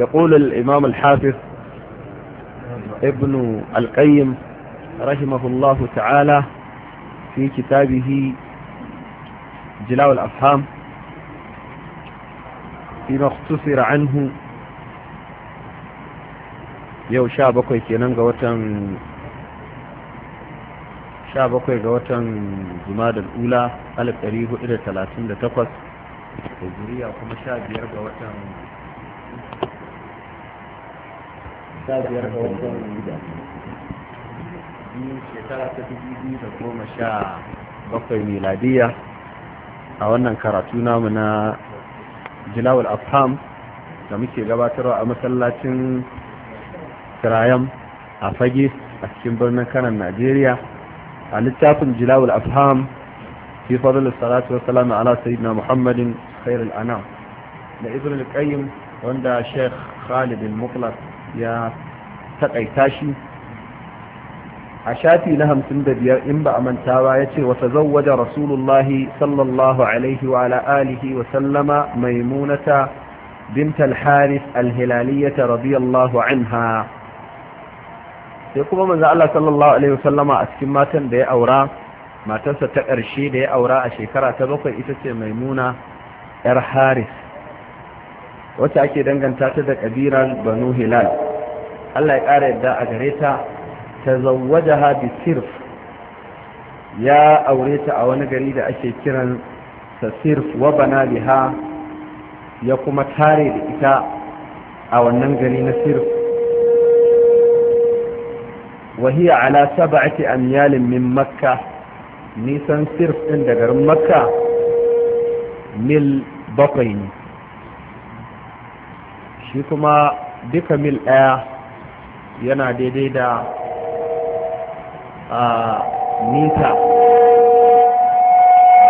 يقول الإمام الحافظ ابن القيم رحمه الله تعالى في كتابه جلاء الأفهام فيما اختصر عنه yau sha bakwai kenan ga watan sha bakwai ga watan jumadar ula alif ɗari hudu da talatin da takwas da kuma sha biyar ga watan sha biyar ga watan shekara ta dubu biyu da goma sha bakwai miladiya a wannan karatu namu na jilawul afham da muke gabatarwa a masallacin kirayam a fage a cikin birnin kanan najeriya a littafin jilawul afham fi fadl salatu salamu ala sayyidina muhammadin khairul anam da ibn al-qayyim wanda sheikh khalid al-muqlas ya taƙaita shi a shafi na hamsin da biyar in ba a manta ba ya ce wata zawwaja rasulullahi sallallahu alaihi wa ala alihi wa sallama maimunata bint haris al-hilaliyata radiyallahu anha sai kuma manzo Allah sallallahu alaihi wa sallama a cikin matan da ya aura matarsa ta ƙarshe da ya aura a shekara ta bakwai ita ce maimuna yar haris wata ake danganta ta da kabiran banu hilal Allah ya ƙara yadda a gare ta ta zawwaja ha sirf ya aure ta a wani gari da ake kiran sa sirf wa bana biha ya kuma tare da ita a wannan gari na sirf wa hiya ala sab'ati amyalin min makka nisan sirf ɗin da garin makka mil bakwai ne shi kuma duka mil ɗaya yana daidai da a mita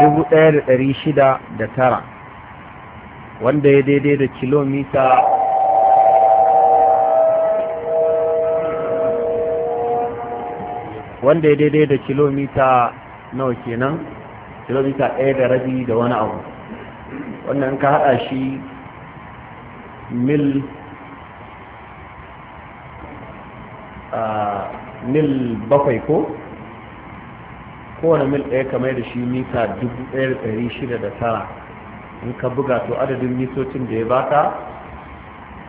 1609 wanda ya daidai da kilomita wanda ya daidai da kilomita nawa kenan kilomita ɗaya da rabi da wani abu wannan ka haɗa shi mil mil bakwai ko kowane mil ɗaya kamar da shi mita dubu ɗaya da ɗari shida da tara in ka buga to adadin mitocin da ya baka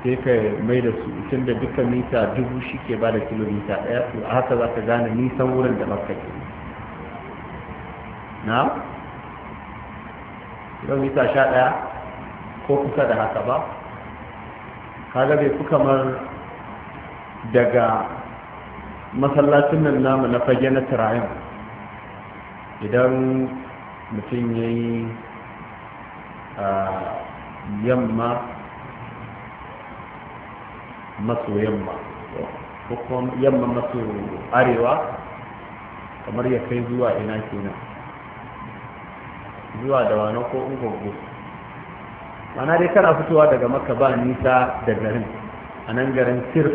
sai ka mai da su tun da duka mita dubu shi ke ba da kilomita ɗaya to a haka za ka gane nisan wurin da maka ke na kilomita sha ɗaya ko kusa da haka ba kaga dai ku kamar daga masallacin nan namu na fage na tirayen idan mutum ya yi yamma maso yamma ko kuma yamma maso arewa kamar ya kai zuwa ina kenan zuwa da wani ko ungogbo mana dai kana fitowa daga maka ba nisa da garin a nan garin sir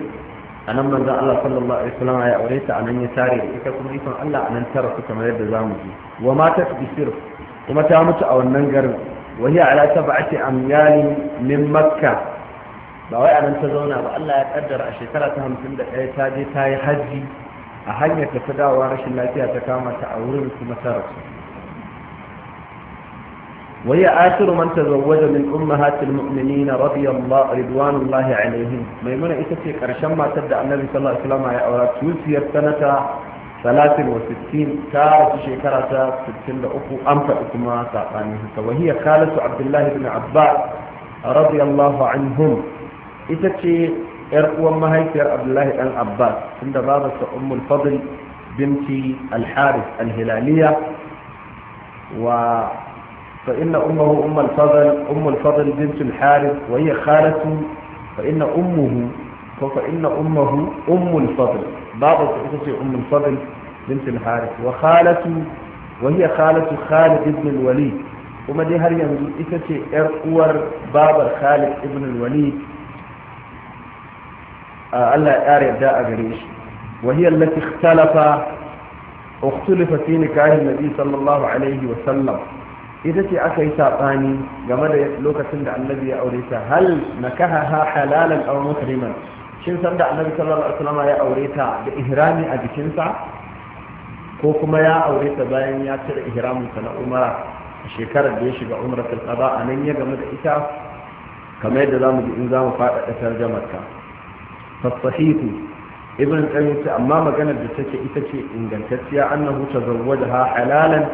a nan manzo Allah sallallahu alaihi wasallam ya aure ta a nan ya tare ita kuma ikon Allah a nan ta rasu kamar yadda zamu ji wa matat fi sir kuma ta mutu a wannan garin wa hiya ala sab'ati amyal min makka ba wai a nan ta zauna ba Allah ya kaddara a shekara ta 51 ta je ta yi haji a hanyar ta dawowa rashin lafiya ta kama ta a wurin kuma ta rasu وهي آخر من تزوج من أمهات المؤمنين رضي الله رضوان الله عليهم ميمونة إتتي قرشان ما تبدأ النبي صلى الله عليه وسلم يا أولاد توفي سنة 63 تارة شكرة 63 أنفع كما ساقانيه وهي خالة عبد الله بن عباس رضي الله عنهم إتتي إرقوا مهيكر عبد الله بن عباس عند بابة أم الفضل بنت الحارث الهلالية و فإن أمه أم الفضل أم الفضل بنت الحارث وهي خالة فإن أمه فإن أمه أم الفضل بعض تحدثي أم الفضل بنت الحارث وخالة وهي خالة خالد بن الوليد وما دي هل يمزل إتتي إرقور بابا خالد بن الوليد آه، ألا أري أداء قريش وهي التي اختلف اختلف في نكاه النبي صلى الله عليه وسلم ita ce aka yi saɓani game da lokacin da annabi ya aure ta hal na kaha ha halalan aw shin san da annabi sallallahu alaihi wasallam ya aure ta da ihrami a jikinsa ko kuma ya aure ta bayan ya cire ihramin sa na umara a shekarar da ya shiga umratul qada nan ya game da ita kamar yadda zamu ji in zamu faɗaɗa tarjamar ta fasahihu ibn qayyim amma maganar da take ita ce ingantacciya annahu tazawwajaha halalan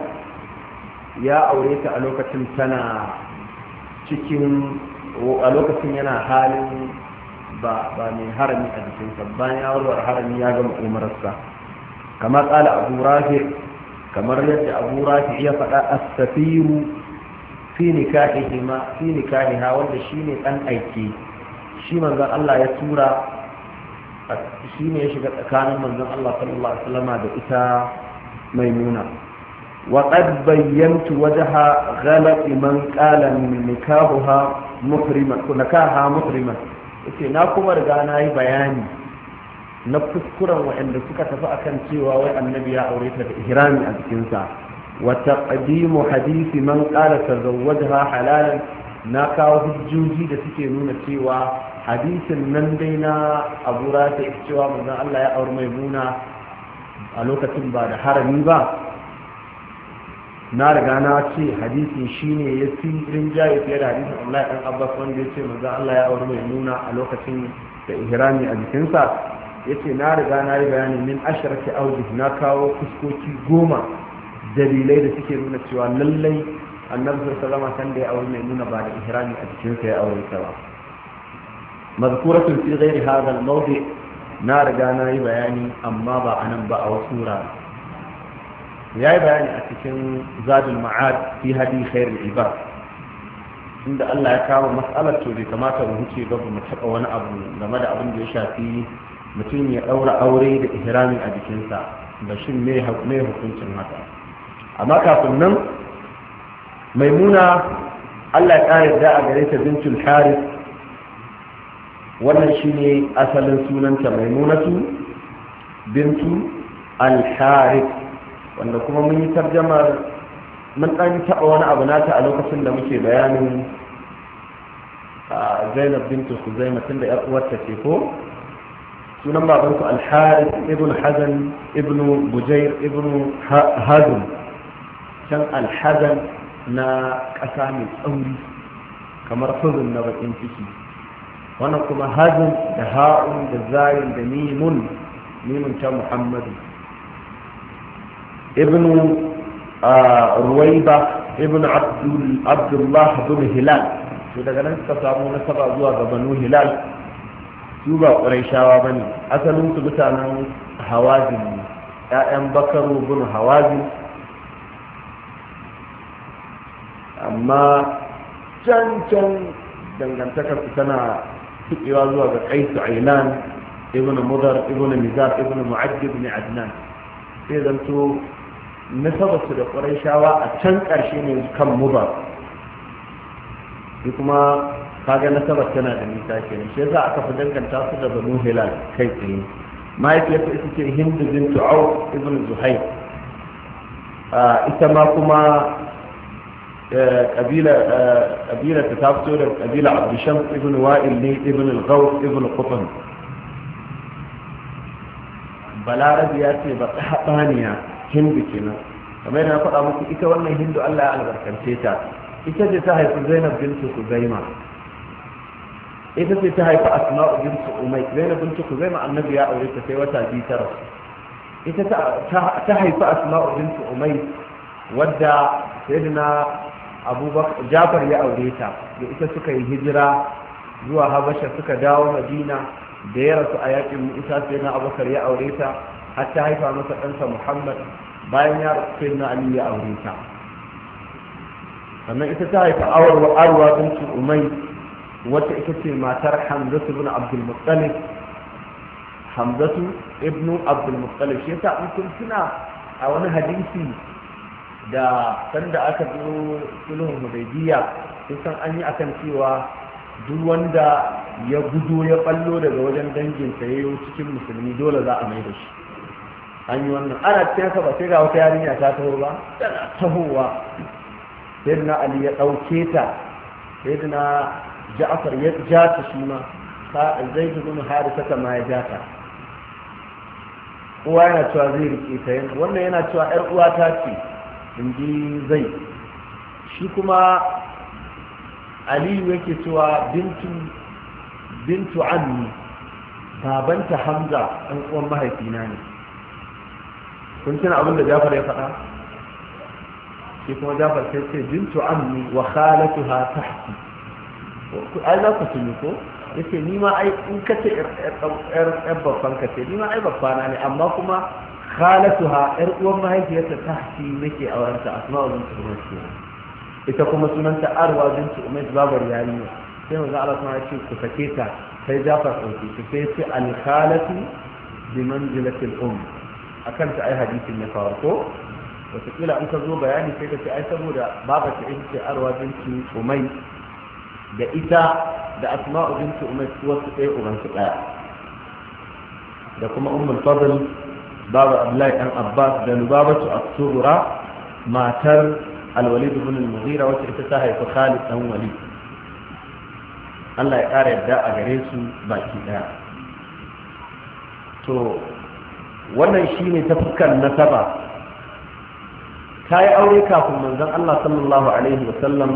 ya aure ta a lokacin tana cikin a lokacin yana halin ba mai harami a jikinsa bayan ya warwar harami ya gama umararsa kamar tsala a rafi kamar yadda a rafi iya faɗa astafiru fi nikahihima fi nikahiha wanda shine ɗan aiki shi manzon Allah ya tura shi ne ya shiga tsakanin manzon Allah sallallahu alaihi wasallama da ita mai nuna. وقد bayyantu wajaha غلط من قال نكاحها محرمة نكاحها na kuma riga na yi bayani na kuskuren waɗanda suka tafi akan cewa wai annabi ya aure ta da ihrami a jikinsa wata taqdimu hadisi man qala tazawwajha halalan na kawo hujjoji da suke nuna cewa hadisin nan dai na Abu Rafi cewa manzon Allah ya aure Maimuna a lokacin ba da harami ba na riga na ce hadisi shine ya fi rinjaye fiye da hadisin Allah ɗan Abbas wanda ya ce manzo Allah ya auri mai nuna a lokacin da ihrami a jikinsa ya ce na riga na yi bayani min asharati auji na kawo fuskoki goma dalilai da suke nuna cewa lallai annabi sallallahu alaihi da ya auri mai nuna ba da ihrami a jikinsa ya aure ta ba mazkuratun fi ghairi hadha mawdi na riga na yi bayani amma ba anan ba a wasu wurare ya yi bayani a cikin zadul ma'ad fi hadi khairul ibad inda Allah ya kawo mas'alar to bai kamata mu huce ba mu taɓa wani abu game da abin da ya shafi mutum ya ɗaura aure da ihrami a jikinsa da shin me hukuncin haka amma kafin nan maimuna Allah ya ƙara da a gare ta bintul haris wannan shine asalin sunanta maimunatu bintu al-haris wanda kuma mun yi tarjamar mun ɗan taɓa wani abu nata a lokacin da muke bayanin a zainab bintu huzaima tun da uwarta ce ko sunan babanku alharis ibn hazan ibn bujair ibn hazan can alhazan na ƙasa mai tsauri kamar huzun na bakin ciki wannan kuma hazan da ha'un da zayin da mimun mimun ta muhammadu ibn uh, ruwaiba ibn abdullah bin hilal to daga nan suka samu nasaba zuwa ga banu hilal su ba ƙuraishawa ba ne asalin su mutanen hawazin ne ‘ya'yan bakaru bin hawazin amma can can dangantakar su tana tukewa zuwa ga kaisu ailan ibn mudar ibn mizar ibn mu'addib ibn adnan sai zanto nasabarsu da ƙurayshawa a can ƙarshe ne kan mubar shi kuma kaga nasabar tana da nisa kenan shi yasa aka fi danganta su da banu hilal kai tsaye mahaifiyarsa ita ce hindu bintu au ibn Zuhai. ita ma kuma e, e, ƙabilar ta fito da ƙabila abdushan ibn wa'il ne ibn al-ghaw ibn qutn balarabi ya ce ba ta haɗaniya hindu kenan kamar yana faɗa muku ita wannan hindu Allah ya albarkance ta ita ce ta haifi Zainab bintu Kuzaima ita ce ta haifi Asma'u bintu Umay Zainab bintu Kuzaima annabi ya aure ta sai wata biyu ta ita ta haifi Asma'u bintu Umay wadda sayyidina Abubakar Jafar ya aure ta da ita suka yi hijira zuwa Habasha suka dawo Madina da ya rasu a yakin Musa sayyidina Abubakar ya aure ta har ta haifa masa ɗansa Muhammad bayan ya rufe na ali ya aure ta sannan ita ta haifa awar arwa bintu umai wata ita ce matar hamzatu ibn abdul muttalib hamzatu ibn abdul muttalib shi ta mutum suna a wani hadisi da sanda aka zo sulhun hudaybiya sun san an yi akan cewa duk wanda ya gudu ya ballo daga wajen dangin sa ya cikin musulmi dole za a mai da shi an yi wannan ana cikin haka ba sai ga wata yarinya ta taho ba tana tahowa sayyidina ali ya dauke ta sayyidina ja'far ya ja ta shi ma zai ibn harisa ta ma ya ja ta uwa yana cewa zai rike ta yana wannan yana cewa yar uwa ta ce in ji zai shi kuma aliyu yake cewa bintu bintu ammi babanta hamza ɗan uwan mahaifina ne kun tuna abin da jafar ya faɗa shi kuma jafar sai ce bintu ammi wa khalatuha tahti ai za ku tuni ko yace ni ma ai in ka ce yar babban ka ce ni ma ai babbana ne amma kuma khalatuha yar uwar mahaifiyarta tahti nake aurenta asma'u bintu umar ita kuma sunanta arwa bintu umar babar yarinya sai manzo Allah kuma ya ce ku sake ta sai jafar ɗauki sai ce al khalatu bi manzilatil umm a kanta ai hadisin ya faru ko wataƙila an ka zo bayani sai ka ce ai saboda baba ta ita ce arwa binci umai da ita da asma'u binci umai wasu ɗaya uban su ɗaya da kuma Umar fadl baba abdullahi dan abbas da lubabatu as-sughra matar al-walid ibn al-mughira wacce ita ta haifi khalid dan walid Allah ya ƙara yadda a gare su baki ɗaya to wannan shine ta fuskar nasaba ta yi aure kafin manzon Allah sallallahu alaihi wasallam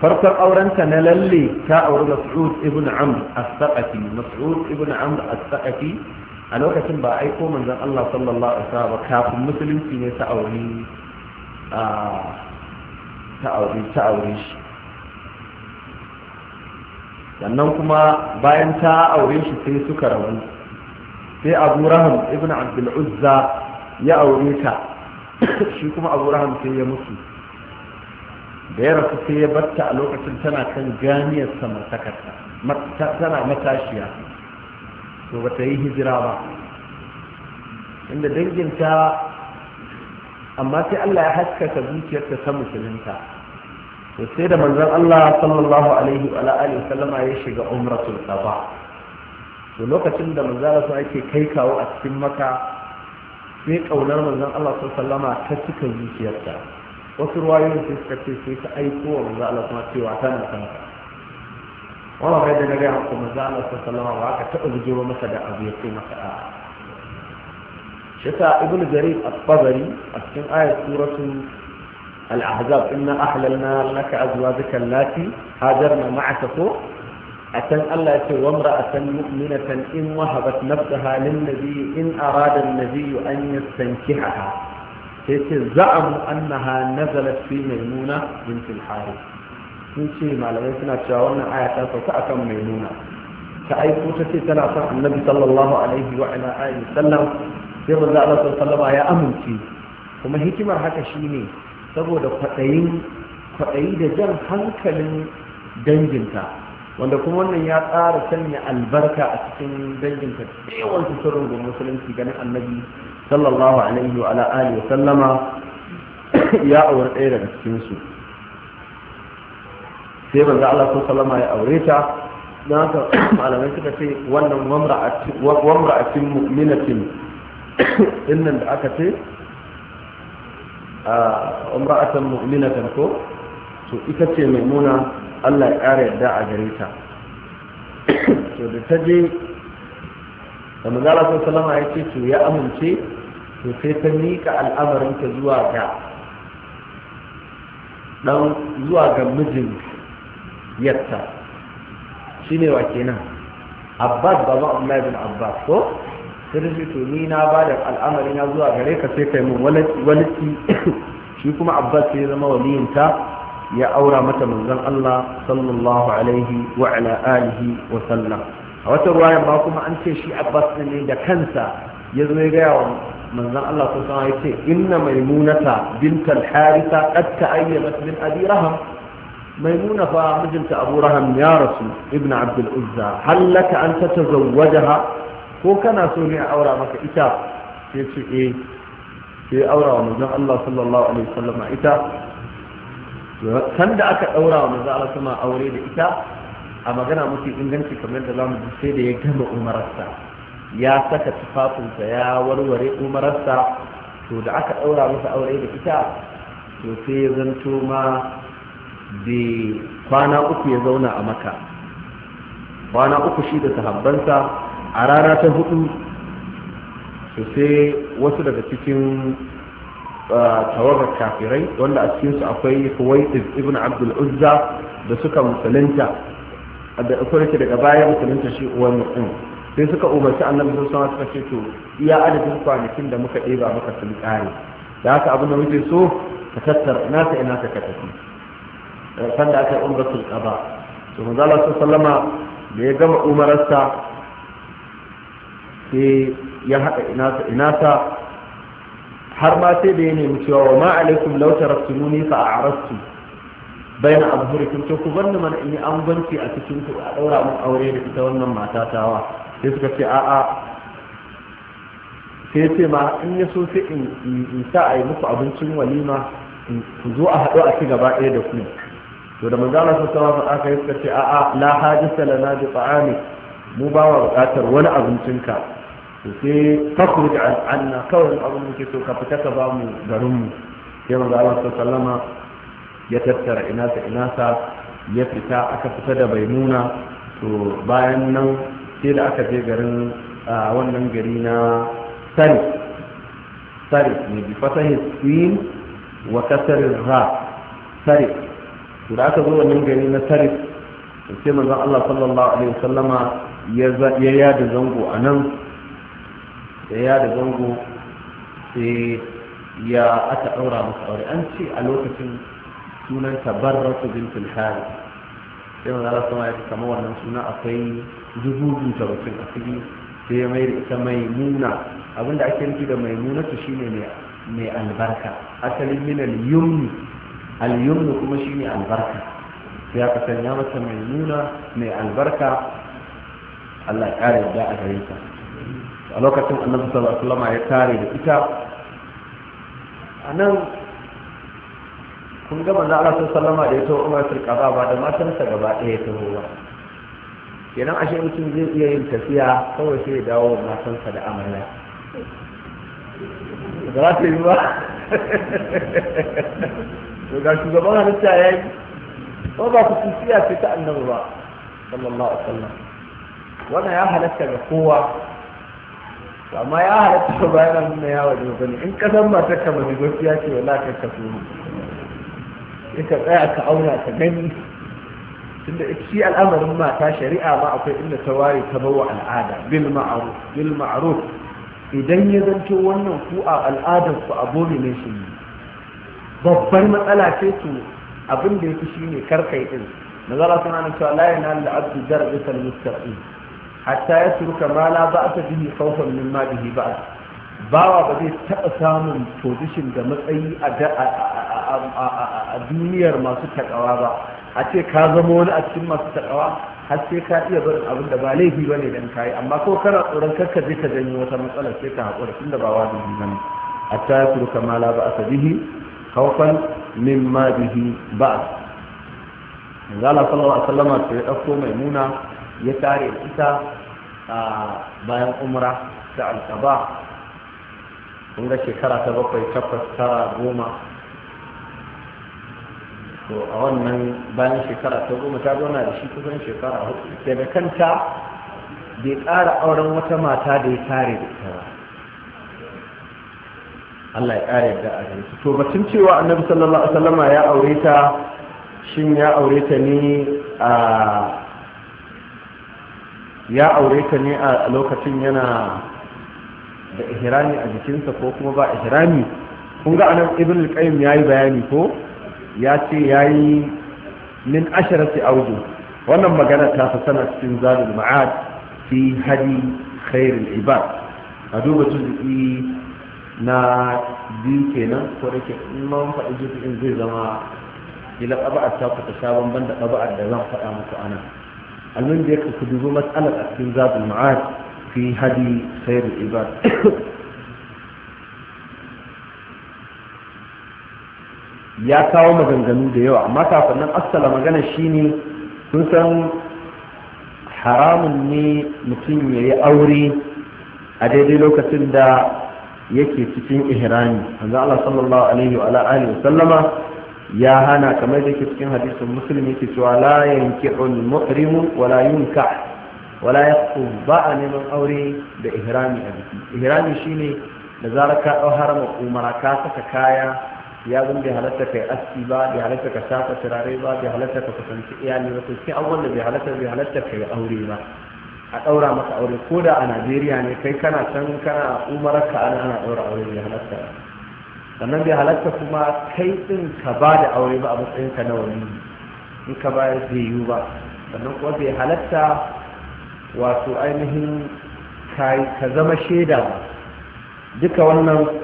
farkon aurenta na lalle ta auri Mas'ud ibn Amr as-Saqafi Mas'ud ibn Amr as-Saqafi a lokacin ba aiko manzon Allah sallallahu alaihi wasallam kafin musulunci ne ta aure ta aure ta aure shi sannan kuma bayan ta aure shi sai suka rabu sai abu raham ibn abdul uzza ya aure ta shi kuma abu raham sai ya mutu da ya rasu sai ya batta a lokacin tana kan ganiyar samartakarta tana matashiya to ba ta yi hijira ba inda danginta amma sai Allah ya haskaka zuciyarta ta musulunta to sai da manzon Allah sallallahu alaihi wa sallama ya shiga umratul ba. to lokacin da manzala sun ake kai kawo a cikin maka sai ƙaunar manzan Allah sun sallama ta cika zuciyarta wasu ruwayoyin sun suka ce sai ta aiko wa manzan Allah kuma cewa ta na kanka wani kai da gare hankali manzan Allah sun sallama ba aka taɓa bujiro masa da abu ya kai masa a'a shi ta ibn jarir at-tabari a cikin ayat suratul al-ahzab inna ahlalna laka azwajaka allati hajarna ma'aka ko a can Allah ce wa mra'atan mu'minatan in wahabat nafsaha lin nabiyyi in arada an-nabiyyu an yastankihaha sai ce za'amu annaha nazalat fi maimuna bint al-harith sun ce malamai suna cewa wannan aya ta sauka akan maimuna ta aiko ta ce tana son annabi sallallahu alaihi wa sallam sai manzo Allah sallallahu ya amince kuma hikimar haka shine saboda kwaɗayi da jan hankalin danginta wanda kuma wannan ya tsara sanya albarka a cikin dangin ka yawan su sirrin ga musulunci ganin annabi sallallahu alaihi wa alihi wa sallama ya aure ɗaya daga cikin su sai banza Allah sallama ya aure ta dan haka malamai suka ce wannan a wamra'atin mu'minatin dinnan da aka ce a umra'atan mu'minatan ko to ita ce mai muna. Allah ya ƙara yadda a gare ta to da ta je da manzala sun salama ya ce to ya amince to sai ta miƙa al'amarinta zuwa ga ɗan zuwa ga mijin yatta shi ne wa kenan abbas ba abdullahi bin abbas ko sai da to ni na ba da ya zuwa gare ka sai kai min walaki shi kuma abbas sai zama waliyinta ya aura mata manzon Allah sallallahu alaihi wa ala alihi wa sallam a wata ruwaya ma kuma an ce shi Abbas ne da kansa ya zo ya gaya manzon Allah sallallahu alaihi wa sallam yace inna maimunata bintal harisa qad ta'ayyanat min abi raham maimuna fa mijinta abu raham ya rasu ibnu abdul uzza hal laka an tatazawwajaha ko kana so ne a aura maka ita sai ce eh sai aura wa manzon Allah sallallahu alaihi wa sallam ita sanda aka ɗaura wa manzo Allah sama aure da ita a magana mafi inganci kamar da zamu ji sai da ya gama umararsa ya saka tufafinsa ya warware umararsa to da aka ɗaura masa aure da ita to sai ya zanto ma da kwana uku ya zauna a maka kwana uku shi da sahabbansa a rana ta hudu to sai wasu daga cikin tawagar kafirai wanda a cikinsu akwai huwaitis ibn abdul uzza da suka musulunta da kurki daga baya musulunta shi uwan mutum sai suka umarci annabi sun sama suka ce to iya adadin kwanakin da muka ɗeba maka sun ƙare da haka abin da muke so ka tattara ina ka ina ka ka tafi sanda aka yi umratul qada to manzo Allah sallama da ya gama umararsa sai ya haɗa ina inasa har ma sai da ya nemi cewa wa ma lauta law taraktumuni fa a na abu abhurikum to ku banni mana in yi banci a cikin ku a ɗaura mun aure da ita wannan mata tawa sai suka ce a'a sai ce ma in ya so sai in sa a yi muku abincin walima ku zo a haɗu a ci gaba ɗaya da ku to da manzana su sama faɗa aka yi suka ce a'a la hajjisa lana bi tsa'ani mu ba wa buƙatar wani abincinka to sai fakhruj anna kawai abin da ke so ka fita ka ba mu garin mu sai manzo Allah sallama ya tattara ina sa-ina sa, ya fita aka fita da bai nuna. to bayan nan sai da aka je garin a wannan gari na sari sari ne bi fasahi sin wa kasar ra sari to da aka zo wannan gari na sari sai manzon Allah sallallahu alaihi wasallama ya yada zango a nan da ya da zango sai ya aka ɗaura masa aure an ce a lokacin sunan su bintul hari sai manzo Allah sama ya fi kamar wannan suna akwai zububu ta mutum a cikin sai ya mai ita abinda ake nufi da maimuna su shine mai albarka asalin min al-yumni al-yumni kuma shine albarka sai aka sanya mata nuna mai albarka Allah ya kare da a gare ta a lokacin annabi sallallahu alaihi wasallam ya tare da ita anan kun ga manzo Allah sallallahu alaihi wasallam da ya tawo Umar Tirqaba ba da matansa gaba ɗaya ta ruwa kenan ashe mutum zai iya yin tafiya kawai sai ya dawo matansa da amana da za ta yi ba to ga shugaban halitta ya yi ba ba ku tafiya sai ta annabi ba sallallahu alaihi wasallam wannan ya halatta ga kowa amma ya halatta ba yana nuna yawa da bane in ka san matar ka mai gaskiya ce wala ka ka so in ka tsaya ka auna ka gani tunda shi al'amarin mata shari'a ma akwai inda ta ware ta bawa al'ada bil ma'ruf bil ma'ruf idan ya zanto wannan ku a al'adar ku abomination ne babbar matsala ce to abin da yake shine karkai din nazara suna nan cewa la yanal abdu darbital mustaqim hatta ya turka ma la ba ta bihi khawfan min ma bihi ba bawa ba zai taɓa samun position da matsayi a duniyar masu takawa ba a ce ka zama wani a cikin masu takawa har sai ka iya barin abin da ba laifi ba ne dan kayi amma ko kana tsoron karka zai ka janyo wata matsala sai ka haƙura tunda ba wajibi ba ne hatta ya turka ma la ba ta bihi khawfan min ma bihi ba Allah sallallahu alaihi wasallam sai ya dauko maimuna ya tare ita a bayan umra da alkaba kun ga shekara ta bakwai takwas ta goma to a wannan bayan shekara ta goma ta zauna da shi kusan shekara hudu sai da kanta bai ƙara auren wata mata da ya tare da ita ba Allah ya ƙara yadda a gare to batun cewa annabi sallallahu alaihi wasallama ya aure ta shin ya aure ta ne a ya aure ta ne a lokacin yana da ihrami a jikinsa ko kuma ba ihrami kun ga anan ibn al-qayyim yayi bayani ko ya ce yayi min asharati awju wannan magana ta fi sana cikin zalil ma'ad fi hadi al ibad a duba juz'i na biyu kenan ko da ke in faɗi juz'in zai zama ila ƙaba'ar ta ku ta sha banban da ƙaba'ar da zan faɗa muku anan almin da yake dubi matsalar a cikin zabul ma'ad fi hadi sayar ibad ya kawo maganganu da yawa amma kafin nan asala magana shine sun san haramun ne mutum ya yi aure a daidai lokacin da yake cikin ihrami manzo Allah sallallahu alaihi wa alihi wa sallama ya hana kamar da ke cikin hadisin musulmi ke cewa la yankihul muhrimu wala wala ba a neman aure da ihrami a jiki ihrami shine da zarar ka dau harama umara ka saka kaya ya zan bai halatta yi aski ba bai halatta ka shafa turare ba bai halatta ka kusanci iyali ba to sai abubuwan da bai halatta bai halatta aure ba a ɗaura maka aure ko da a najeriya ne kai kana can kana umararka ana ana ɗaura aure bai halatta sannan bai halatta kuma kai din ka ba da aure ba a matsayinka na wani in ka ba zai yiwu ba sannan kuma bai halatta wato ainihin ka zama shaida ba duka wannan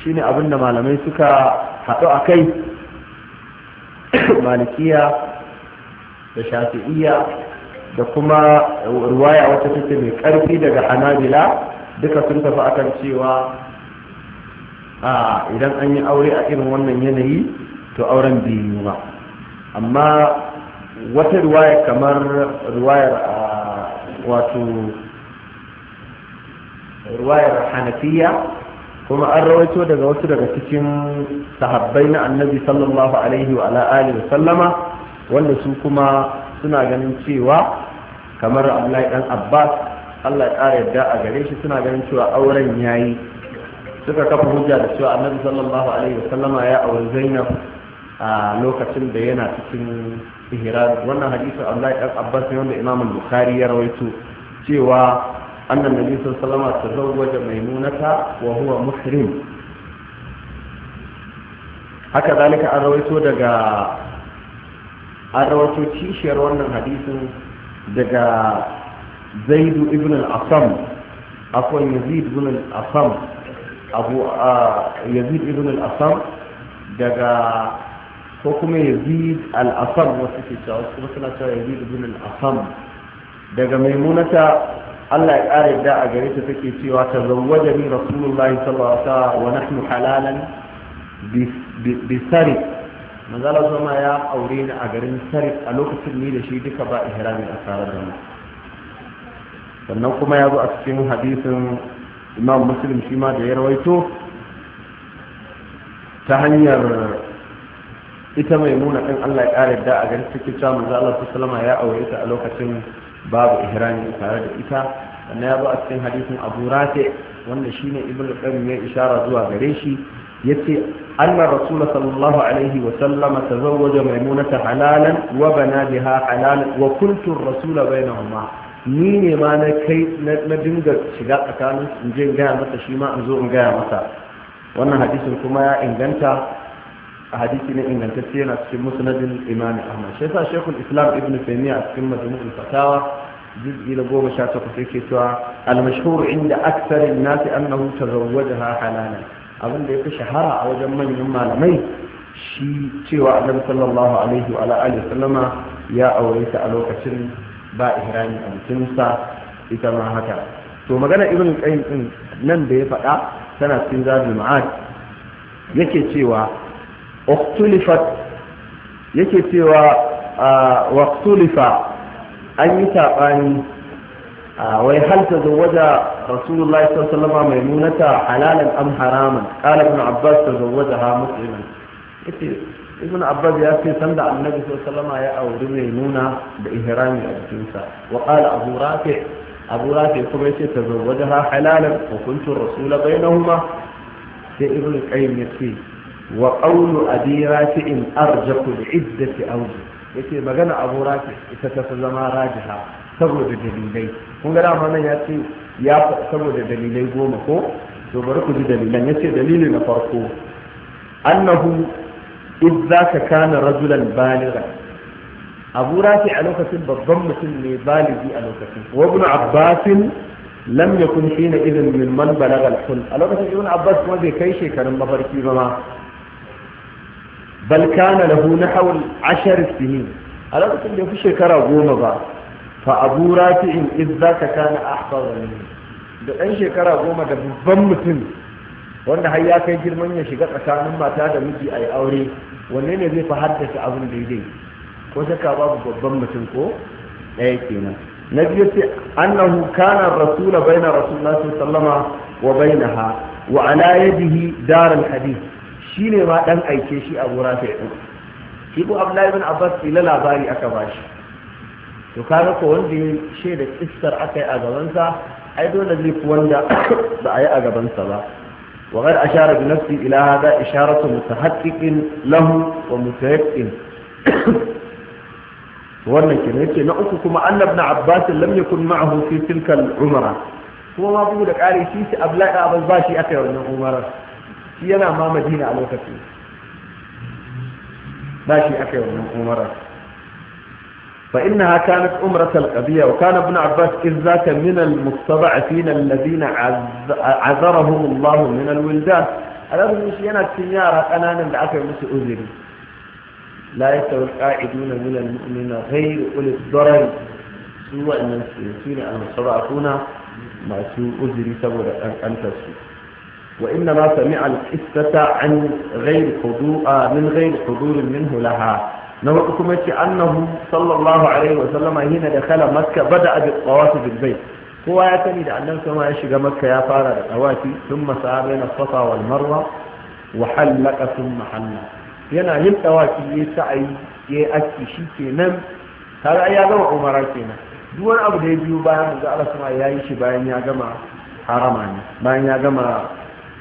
shine abin da malamai suka haɗu a kai malikiya da shafi'iya da kuma ruwaya wata take mai ƙarfi daga hanabila duka sun tafi akan cewa a idan an yi aure a irin wannan yanayi to auren biyu ba amma wata ruwaya kamar ruwayar a wato ruwayar hanafiya kuma an rawaito daga wasu daga cikin sahabbai na annabi sallallahu alaihi wa ala'ali wa sallama wanda su kuma suna ganin cewa kamar abdullahi dan abbas allah ya kara yadda a gare shi suna ganin cewa auren yayi suka kafa hujja da cewa annabi sallallahu alaihi wasallama ya auri zainab a lokacin da yana cikin ihram wannan hadisi Allah ya abbas ne wanda Imam Bukhari ya rawaito cewa annan nabi sallallahu alaihi wasallama tazawwaja maimunata wa huwa muhrim haka zalika an rawaito daga an rawaito kishiyar wannan hadisin daga zaidu ibn al-asam afwan yazid ibn al-asam abu yazid ibn al-asam daga ko kuma yazid al-asam wasu ke cewa wasu kuma suna cewa yazid ibn al-asam daga maimunata Allah ya ƙara da a gare ta take cewa ta zawwaja ni rasulullah sallallahu alaihi wasallam wa nahnu halalan bi sarif manzala zama ya aure ni a garin sarif a lokacin ni da shi duka ba ihrami a tare da mu sannan kuma ya zo a cikin hadisin imam muslim shi ma da ya rawaito ta hanyar ita mai muna ɗin allah ya ƙara yadda a gari cikin cewa manzo allah ya aure ta a lokacin babu ihrami tare da ita sannan ya zo a cikin hadisin abu rafi wanda shine ibnu qayyim ya ishara zuwa gare shi yace anna rasul sallallahu alaihi wa sallama tazawwaja maimunata halalan wa bana biha halalan wa kuntu ar-rasula bainahuma ni ne ma na kai na dinga shiga tsakanin in je in gaya masa shi ma in zo in gaya masa wannan hadisin kuma ya inganta a hadisi ne ingantacce yana cikin musnadin imani ahmad shi yasa shekul islam ibn taymiya a cikin majmu'ul fatawa juz'i na goma sha takwas yake cewa al inda aksarin nasi annahu tazawwajaha halalan abin da ya fi shahara a wajen manyan malamai shi cewa annabi sallallahu alaihi wa alihi sallama ya aure ta a lokacin ba ihrami a jikinsa ita ma haka to magana ibn qayyim din nan da ya faɗa tana cikin zadul ma'ad yake cewa uktulifat yake cewa waqtulifa an yi sabani wai hal tazawwaja rasulullahi sallallahu alaihi wasallam nunata, halalan am haraman qala ibn abbas ta tazawwajaha musliman yace ibn abbas ya ce sanda annabi sallama ya auri mai nuna da ihrami a jikinsa wa qala abu rafi abu rafi kuma yace tazawwajaha halalan wa kuntu rasula bainahuma sai ibn qayyim yace wa qawlu abi rafi'in arjaqu li'iddati awji yace magana abu rafi ita ta zama rajiha saboda dalilai kun ga dama nan ya ce ya saboda dalilai goma ko to bari ku ji dalilan yace dalili na farko annahu in za ka kana rajulan baliga abu rafi a lokacin babban mutum ne baligi a lokacin wa ibn abbasin lam yakun na irin min man balaga al a lokacin ibn abbas kuma bai kai shekarun mafarki ba ma bal kana lahu na al-ashar sinin a lokacin da fi shekara goma ba fa abu rafi'in iz zaka kana ahfar da dan shekara goma da babban mutum wanda har ya kai girman ya shiga tsakanin mata da miji a yi aure wanne ne zai fi haddasa abin daidai ko shakka babu babban mutum ko ɗaya kenan na biyu ce annahu kana rasula baina rasulullahi sallama wa bainaha wa ala yadihi darul hadith shine ma dan aike shi a gura sai din shi ko abdullahi ibn abbas ila labari aka bashi to kaga ko wanda ya shaida kissar akai a gaban sa ai dole zai fi wanda ba a yi a gaban sa ba وغير أشار بنفسه إلى هذا إشارة متحقق له ومتيقق وأنك نحكي نأخذكم أن ابن عباس لم يكن معه في تلك العمرة هو ما بيقول لك علي شيء أبلاء أبو الباشي أكثر من عمرة شيء أنا ما مدينة على وقت باشي أكثر من عمرة فإنها كانت أمرة القبية وكان ابن عباس إذ ذاك من المستضعفين الذين عذرهم الله من الولدان الأرض مش ينا السيارة أنا نمدعك مش أذري لا يستوي القاعدون من المؤمنين غير أولي الضرر سوى أن يسير المستضعفون ما سوء أذري سبب أن تسوي وإنما سمع القصة عن غير حضور من غير حضور منه لها na hudu kuma ce annahu sallallahu alaihi wasallama hina da kala makka bada abi tsawafi bil kowa ya sani da annan sama ya shiga makka ya fara da tsawafi thumma sa'a baina safa wal marwa wa halaka thumma halla yana yin tsawafi yayi sa'i yayi aski shikenan kaga ya gama umara kenan duk wani abu da ya biyo bayan manzo Allah sama ya yi shi bayan ya gama harama ne bayan ya gama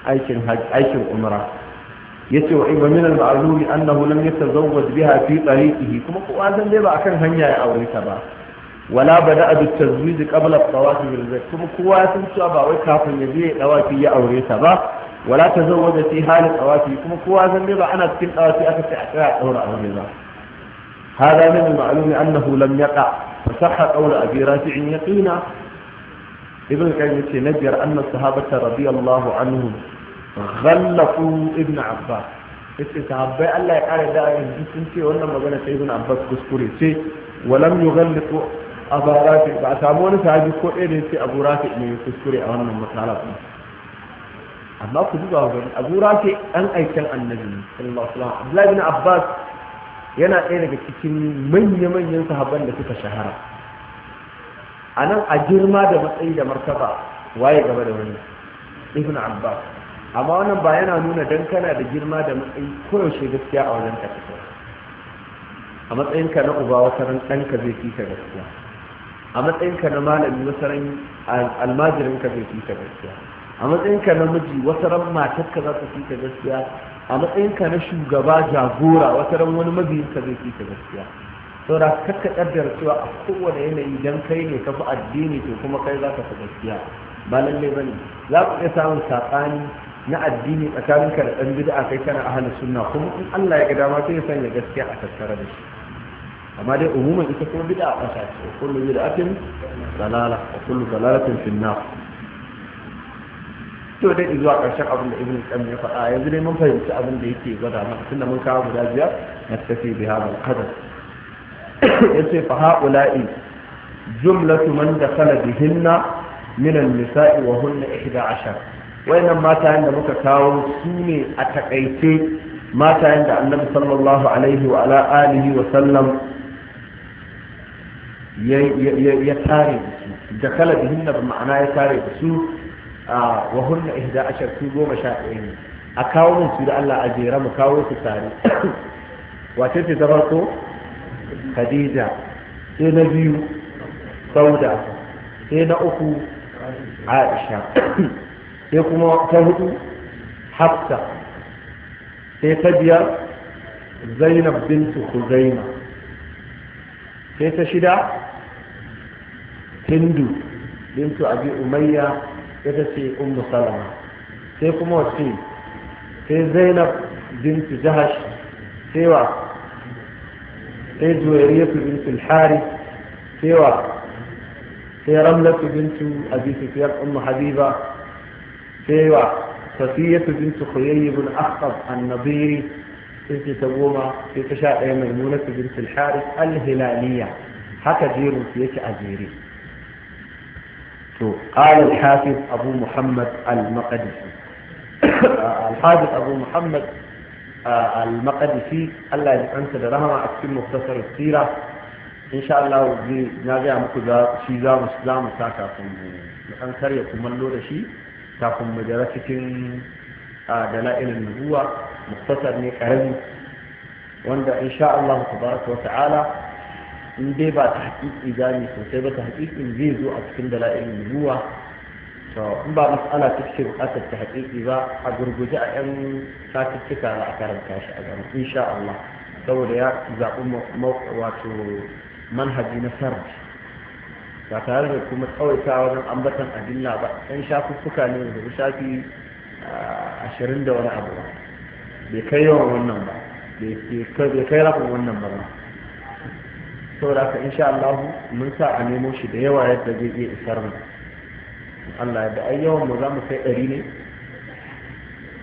aikin aikin umra yace wa ibn min al-ma'lum annahu lam yatazawwaj biha fi tariqihi kuma ko azan dai ba akan hanya ya aure ta ba wala bada'a bi tazwij qabla at-tawaf bil bayt kuma kowa sun san cewa ba wai kafin ya je ya dawafi ya aure ta ba wala tazawwaja fi hali tawafi kuma kowa zan dai ba ana cikin tawafi aka ce a tsaya daura aure ba hada min al-ma'lum annahu lam yaqa fa sahha qawl abi rafi'in yaqina ibn qayyim yace nabiyar anna sahabata radiyallahu anhum ghallafu ibn abbas yace sahabbai Allah ya kare da yanzu sun ce wannan magana ta ibn abbas kuskure ce walam yughallifu abu rafi ba a samu wani sahabi ko ɗaya da yace abu rafi ne kuskure a wannan masala amma ku duba ga abu rafi an aikin annabi sallallahu alaihi wasallam abdullahi ibn abbas yana ɗaya daga cikin manya-manyan sahabban da suka shahara a nan a girma da matsayi da martaba waye gaba da wani ibn abbas amma wannan ba yana nuna don kana da girma da matsayi koyaushe gaskiya a wajen ka a matsayinka na uba wata ran ɗanka zai fi ka gaskiya a matsayinka na malami wata ran almajirinka zai fi ka gaskiya a matsayinka na miji wata ran matarka za ta fi ka gaskiya a matsayinka na shugaba jagora wata ran wani mabiyinka zai fi ka gaskiya saboda kakka kaddara cewa a kowane yanayi don kai ne ka fi addini to kuma kai za ka fi gaskiya ba lallai ba ne za ku iya samun saɓani na addini tsakaninka da ɗan bid'a kai kana ahalin sunna kuma in Allah ya ga dama sai ya sanya gaskiya a tattare da shi amma dai umuman ita kuma bid'a a ƙasa ce kullu bid'atin dalala wa kullu dalalatin fi nar to dai zuwa ƙarshen abin da ibnu qayyim ya faɗa yanzu dai mun fahimci abin da yake gwada mana tunda mun kawo guda biyar na tafi bi hada qadar yace fa haula'i jumlatu man dakhala bihinna min an-nisa'i wa hunna 11 wayannan mata da muka kawo su ne a takaice mata da annabi sallallahu alaihi wa ala alihi wa sallam ya tare su da kala bihinna ma'ana ya tare su a wahunna ihda ashar su goma sha ɗaya ne a kawo min su da Allah a jera mu kawo su tare wace ce ta farko Khadija sai na biyu Sauda sai na uku Aisha sai kuma ta hudu hafsa sai ta biyar zainab bintu Huzaina sai ta shida hindu bintu abi umayya ita ce ummu salama sai kuma wace sai zainab bintu jahash sai wa sai juwairiyatu bintu al sai wa sai ramlatu bintu abi sufyan ummu habiba سيوا صفية بنت خيي بن أخطب النظيري إنت تبوما في تشاء ميمونة بنت الحارث الهلالية حتى جير في أجيري قال الحافظ أبو محمد المقدسي آه، الحافظ أبو محمد آه، المقدسي الله أنت درهما أكثر مختصر السيرة إن شاء الله ناجع مكو شي زامس زامس ساكا من أنكر يكمل له شيء kafin mu jira cikin dala'ilin nubuwa muktasar ne karami wanda insha Allah tabaraka wa ta'ala in dai ba ta haƙiƙi gani sosai ba ta haƙiƙin zai zo a cikin dala'ilin nubuwa to in ba mas'ala ta ce buƙatar ta haƙiƙi ba a gurguje a 'yan satuttuka za a karanta shi a gaba insha Allah saboda ya zaɓi wato manhaji na sarrafa ba tare da kuma tsawaita wajen ambatan adilla ba ɗan shafuffuka ne da shafi ashirin da wani abu ba bai kai yawan wannan ba bai kai rafin wannan ba saboda aka insha Allah mun sa a nemo shi da yawa yadda zai iya isar mu Allah da ai yawan mu za mu kai ɗari ne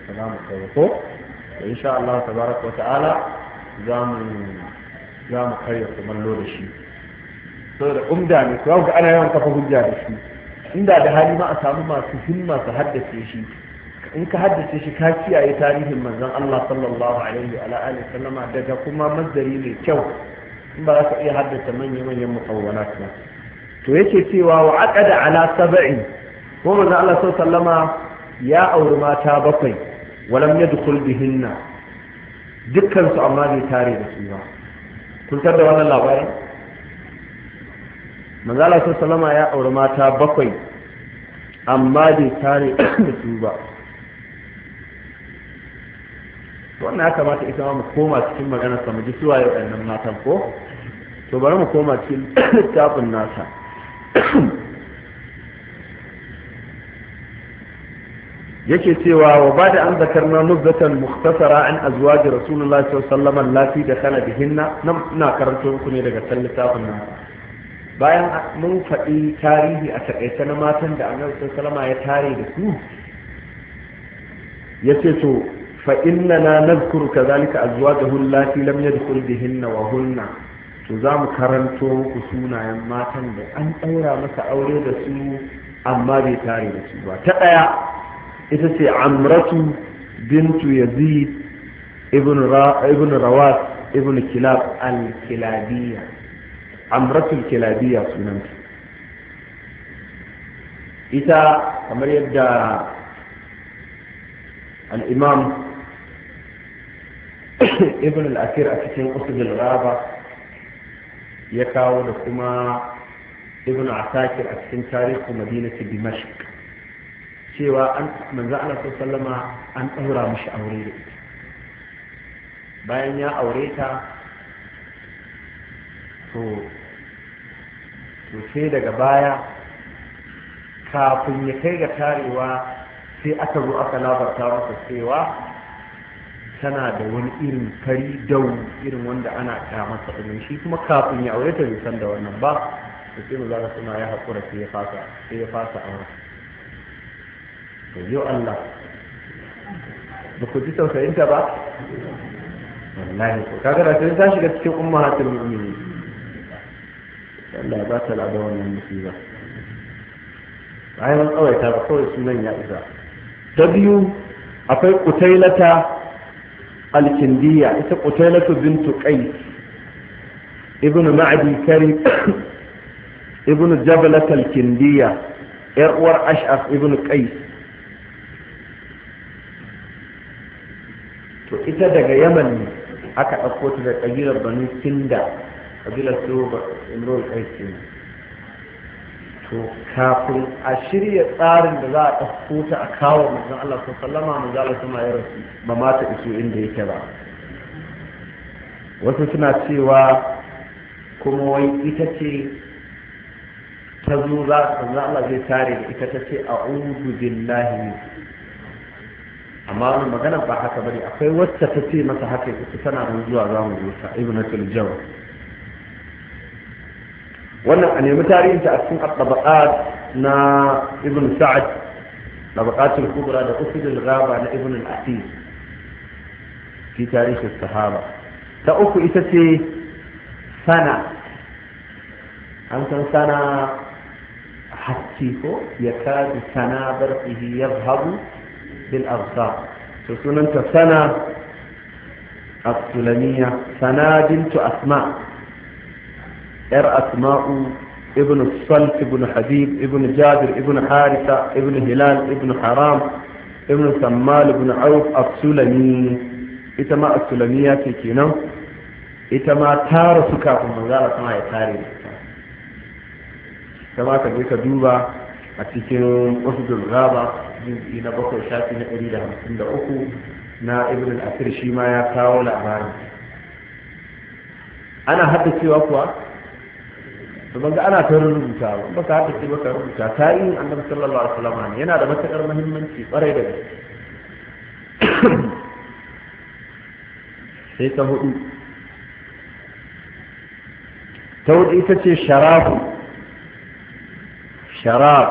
ba za mu kai ko da insha Allah tabaraka wa ta'ala za mu za mu karya kumallo da shi saboda umda ne to ga ana yawan kafa hujja da shi inda da hali ma a samu masu himma su haddace shi in ka haddace shi ka kiyaye tarihin manzon Allah sallallahu alaihi wa alihi sallama daga kuma masdari mai kyau in ba za ka iya haddace manya-manyan mukawwanat ba to yake cewa wa aqada ala sab'in ko manzon Allah sallallahu alaihi ya auri mata bakwai walam yadkhul bihinna dukkan su amma bai tare da su ba kun da wannan labarin manzala sun salama ya auri mata bakwai amma bai tare da su ba wannan ya kamata ita ma mu koma cikin magana sa mu ji suwa ya waɗannan matan ko to bari mu koma cikin littafin nasa yake cewa wa ba da an zakarna nuzatan mukhtasara an azwaji rasulullahi sallallahu alaihi wasallam lati da kana bihinna na karanto ku ne daga tallafin littafin nasa bayan mun faɗi tarihi a taƙaice na matan da annabi salama ya tare da su ya ce to fa inna na nazkuru kazalika da allati lam yadkhul bihinna wa hunna to za mu karanto muku sunayen matan da an ɗaura masa aure da su amma bai tare da su ba ta ɗaya ita ce amratu bintu yazid ibn Rawat, ibn kilab al-kilabiyya عمرة الكلابية سنن إذا أمر يبدأ الإمام ابن الأكير أكتن قصد الغابة يكاول كما ابن عساكر أكتن تاريخ مدينة دمشق سوى أن من زعل صلى الله عليه وسلم أن أورى مش أوريه بأن يا أوريتها to sai daga baya kafin ya kai ga tarewa sai aka zo aka labarta masa cewa tana da wani irin fari dau irin wanda ana kyamata ɗinin shi kuma kafin ya aure ta bai san da wannan ba da sai mu zara suna ya haƙura sai ya fasa sai ya fasa aure to yau Allah ba ku ji tausayinta ba wallahi ko kaga da ta shiga cikin ummatul mu'minin Allah ba ta lada wannan musiba bayan tsawaita ba kawai sunan ya isa ta biyu akwai kutailata alkindiya ita kutailatu bintu qais ibnu ma'adi kari ibnu jabalat alkindiya yar uwar ash'af ibnu qais to ita daga yaman ne aka ɗauko ta da ƙabilar banu kinda kabilar su imrul aiki to kafin a shirya tsarin da za a ɗauko ta a kawo manzon Allah sun sallama manzon Allah sama ya rasu ba ma ta iso inda yake ba wasu suna cewa kuma wai ita ce ta zo za a Allah zai tare da ita ta ce a billahi amma wani magana ba haka bari akwai wacce ta ce masa haka ita tana zuwa za mu zo ta ibnatul jawab wannan a nemi tarihinta a cikin al na ibn sa'ad tabaqatul kubra da usul ghaba na ibn al-asis fi tarikh sahaba ta uku ita ce sana an san sana hatti ko ya kadu sana barqihi yadhhabu bil absar to sunanta sana as-sulamiyya sana bintu asma' yar asma'u ibn salt ibn habib ibn jabir ibn harisa ibn hilal ibn haram ibn sammal ibn auf as-sulami ita ma as ya ce kenan ita ma ta rasu kafin manzara sama ya tare da ita kama ka je ka duba a cikin usdul gaba juz'i na bako shafi na ɗari da hamsin da uku na ibn al-asir shi ma ya kawo labarin ana haddacewa kuwa فبقى أنا ترون بيتا بقى تكتب بقى ترون بيتا تاين عند صلى الله عليه وسلم عني أنا ده بتكر مهم من في قريبا حيث هؤو تود إيتتي الشراف شراف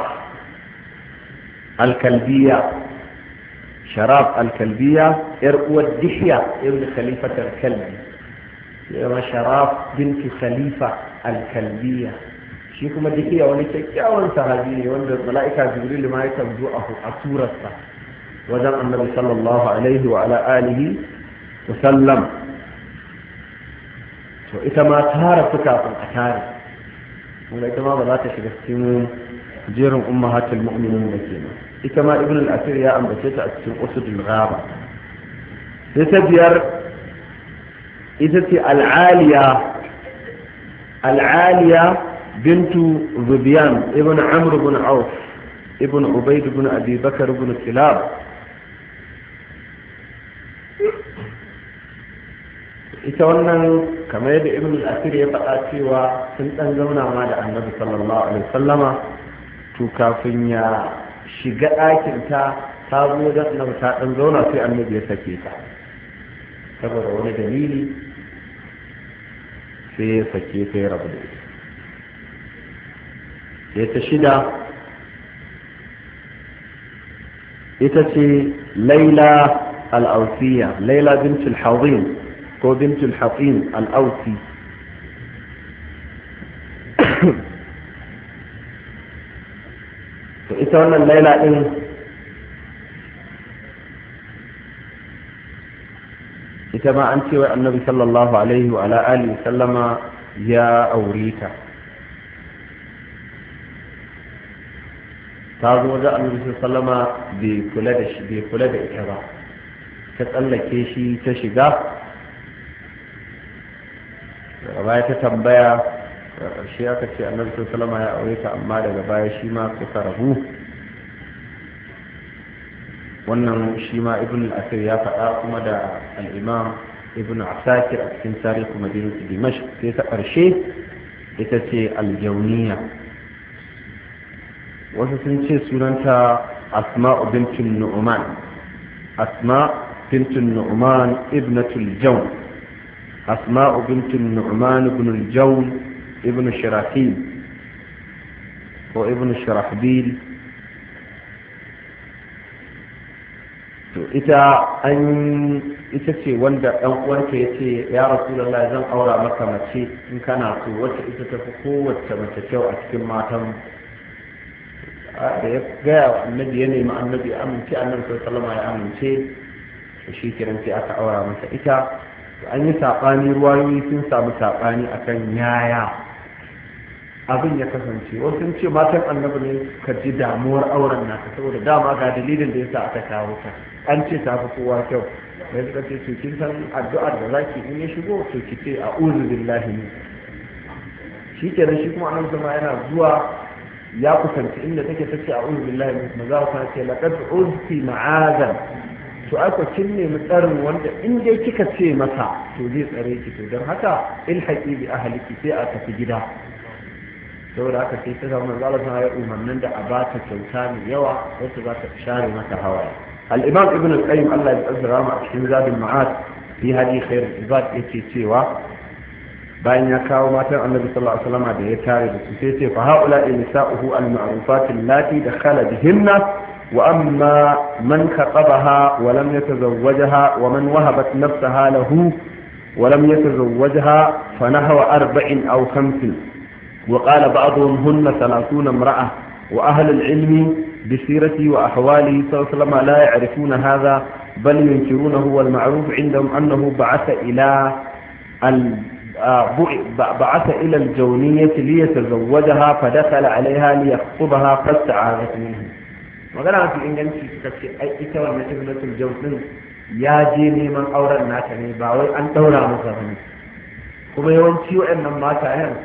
الكلبية شراب الكلبية إرقوة الدحية إبن خليفة الكلب يرى شراب بنت خليفة alkalbiya shi kuma dake ya wani kyakkyawan sahabi ne wanda mala'ika jibril ma yakan zo a turarsa wajen annabi sallallahu alaihi wa ala alihi wa sallam to ita ma tara su kun a tare wanda ita ma ba za ta shiga cikin jerin ummahatul mu'minin da ke nan ita ma ibn al-asir ya ambace ta a cikin usudul ghaba sai ta biyar ita ce al'aliya al'aliya bintu zubiyan ibn amr ibn auf ibn ubaid ibn abi bakar ibn ita wannan kamar yadda ibn al-asir ya faɗa cewa sun ɗan zauna ma da annabi sallallahu alaihi wasallama to kafin ya shiga ɗakin ta ta zo da annabi ta ɗan zauna sai annabi ya sake ta saboda wani dalili sai ya sake sai rabu da ita sai ta shida ita ce laila al'ausiya laila bintul hawin ko bintul hafin al'ausi to ita wannan laila din ita ma an cewa annabi sallallahu alaihi wa sallama ya aure ta ta zo wajen annabi sallama bai kula da bai kula da ita ba ta tsallake shi ta shiga daga baya ta tambaya shi aka ce annabi sallama ya aure ta amma daga baya shi ma suka rabu wannan shi ma ibn al-asir ya faɗa kuma da al-imam ibn asakir a cikin tarihi madinatu dimash sai ta ƙarshe ita ce aljauniya wasu sun ce sunanta asma'u bintun nu'man asma bintun nu'man ibnatul jaun asma'u bintun nu'man ibn al ibn shirahil ko ibn shirahbil to ita an ita ce wanda ɗan uwanta ya ce ya rasulallah zan aura maka mace in kana so wacce ita tafi kowace mace kyau a cikin matan da ya gaya annabi ya nemi annabi amince annabi salama ya amince shi kiran sai aka aura masa ita an yi saɓani ruwayoyi sun samu saɓani akan yaya abin ya kasance wasu ce matan annabi ne ka ji damuwar auren naka saboda dama ga dalilin da ya sa aka kawo ta an ce ta fi kowa kyau da suka ce to kin san addu'ar da zaki in ya shigo to ki ce uzu billahi shi shikenan shi kuma annabi zama yana zuwa ya kusanci inda take ta ce tace uzu billahi min maza ta ce laqad uzti ma'azan to ko kin nemi tsarin wanda in dai kika ce masa to zai tsare ki to dan haka ilhaqi bi ahliki sai a tafi gida saboda haka sai ta samu manzo Allah ya umarnin da a ba ta kyauta mai yawa wacce za ta share mata hawaye al-imam ibn al-qayyim Allah ya tsara mu a cikin zabin ma'ad fi hadi khair ibad yake cewa bayan ya kawo matan annabi sallallahu alaihi wasallam da ya tare da su sai ce fa haula nisa'uhu al-ma'rufat allati dakhala bihinna wa amma man khatabaha wa lam yatazawwajaha wa man wahabat nafsaha lahu ولم يتزوجها فنحو أربع أو خمس وقال بعضهم هن ثلاثون امرأة وأهل العلم بسيرتي وأحوالي صلى الله عليه وسلم لا يعرفون هذا بل ينكرونه والمعروف عندهم أنه بعث إلى بعث إلى الجونية ليتزوجها فدخل عليها ليخطبها فاستعاذت منه magana mafi inganci suka ce ai ita wannan ibnatul jawn din ya je neman auren nata ne ba wai an daura masa bane kuma yawanci waɗannan mata yan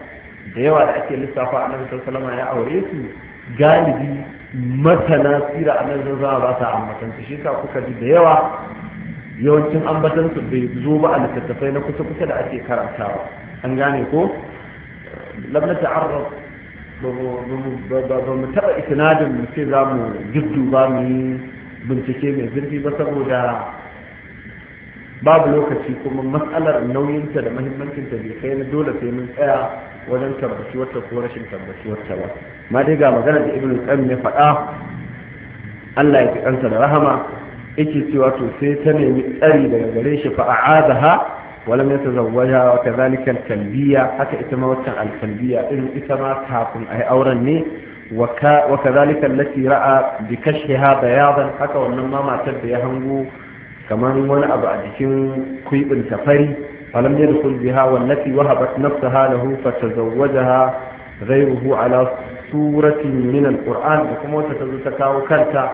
da yawa da ake lissafa annabi sallallahu alaihi ya aure su galibi masana sira annabi sallallahu ba sa ambatan shi sa kuka ji da yawa yawancin ambatan bai zo ba a littattafai na kusa kusa da ake karantawa an gane ko lam nata'arraf ba mu taɓa itinadin mu ce za mu giddu ba mu yi bincike mai zurfi ba saboda babu lokaci kuma matsalar nauyinta da mahimmancinta bai kai na dole sai mun tsaya wajen tabbaciwarta ko rashin tabbaciwarta ba ma dai ga magana da ibnu qayyim ya faɗa Allah ya kansa da rahama yake cewa to sai ta nemi tsari daga gare shi fa a'adaha wala min tazawwaja wa kadhalika al-kalbiyya haka ita ma wannan al-kalbiyya din ita ma kafin ai auren ne wa kadhalika allati ra'a bi kashfiha bayadan haka wannan ma matar da ya hango kamar wani abu a jikin kuibin fari فلم يدخل بها والتي وهبت نفسها له فتزوجها غيره على سورة من القرآن وكما تتزوجك وكالتا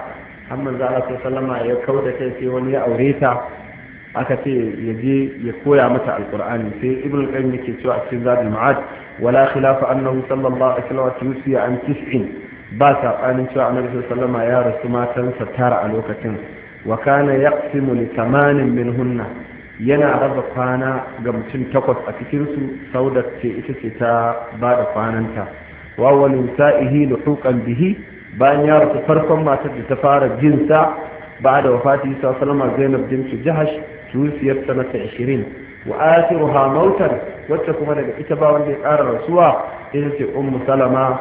أما إذا الله صلى الله عليه وسلم أوريتا ta ce ya je ya koya mata alkur'ani sai ibn al-qayyim yake cewa cikin zabi ma'ad wala khilafa annahu sallallahu alaihi wa sallam yusiya an tis'in ba sa qanin cewa annabi sallallahu alaihi ya rasu matan sa tara a lokacin wakana kana yaqsimu li thamanin minhunna yana raba kwana ga mutum takwas a cikinsu saudar ce ita ce ta ba da kwananta wawal wusa'ihi luhuqan bihi bayan ya rasu farkon matar da ta fara jinsa ba da wafati sa salama zainab bintu jihar tusiyar sanata ashirin. wa akhiruha mautan wacce kuma daga ita ba wanda ya kara rasuwa ita ce ummu salama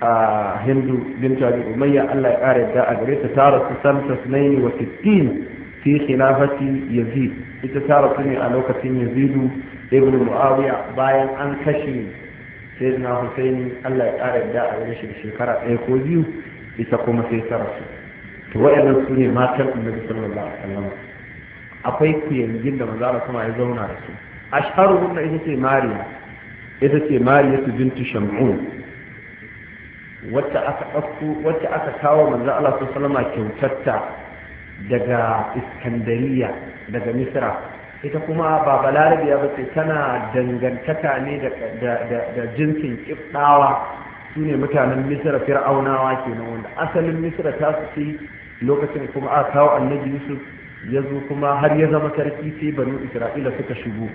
a hindu bintu abi umayya Allah ya ƙara yadda a gare ta ta rasu sanata 62 fi khilafati yazid ita ta rasu ne a lokacin yazidu ibn muawiya bayan an kashe sayyidina husaini Allah ya kara yadda a gare shi da shekara ɗaya ko biyu ita kuma sai ta rasu to waɗannan su ne matan annabi sallallahu alaihi wasallam akwai kuyangin da maza kuma ya zauna da su ashharuhunna ita ce mariya ita bintu shamun wacce aka ɗauko wacce aka kawo manzo Allah sallallahu alaihi wasallam kyautarta daga iskandariya daga misra ita kuma ba balarabiya ba ce tana dangantaka ne da jinsin kiftawa su ne mutanen misra fir'aunawa kenan wanda asalin misra ta su ce lokacin kuma a kawo annabi yusuf ya zo kuma har ya zama sarki sai banu isra'ila suka shigo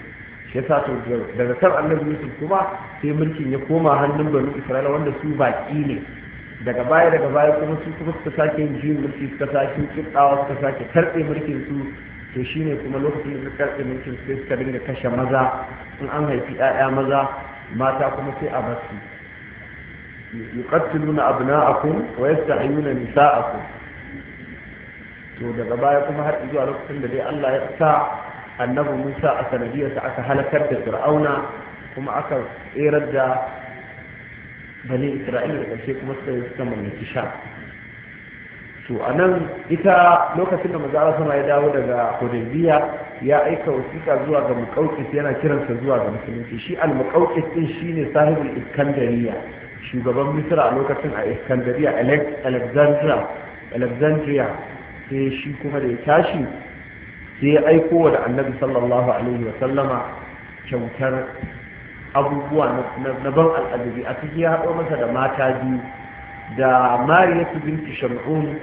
shi yasa to daga kan annabi yusuf kuma sai mulkin ya koma hannun banu isra'ila wanda su baki ne daga baya daga baya kuma su kuma suka sake yin juyin mulki suka sake kitsawa suka sake karɓe mulkin su to shine kuma lokacin da suka karɓe mulkin su sai suka dinga kashe maza in an haifi 'ya'ya maza mata kuma sai a bar su yuqattiluna abna'akum wa yasta'yuna nisa'akum to daga baya kuma har zuwa lokacin da dai Allah ya sa annabi Musa a sanadiyarsa aka halakar da Fir'auna kuma aka tserar da bani isra'ila da ƙarshe kuma suka suka mallaki sha to a nan ita lokacin da maza sama ya dawo daga hudaybiya ya aika wasiƙa zuwa ga muƙauƙis yana kiransa zuwa ga musulunci shi al-muƙauƙis din shine sahibul iskandariya shugaban misra a lokacin a iskandariya alexandria alexandria sai shi kuma da ya tashi sai ya aiko wa da annabi sallallahu alaihi wa sallama kyautar abubuwa na ban al'adabi a ciki ya haɗo masa da mata biyu da mariyatu binti shamun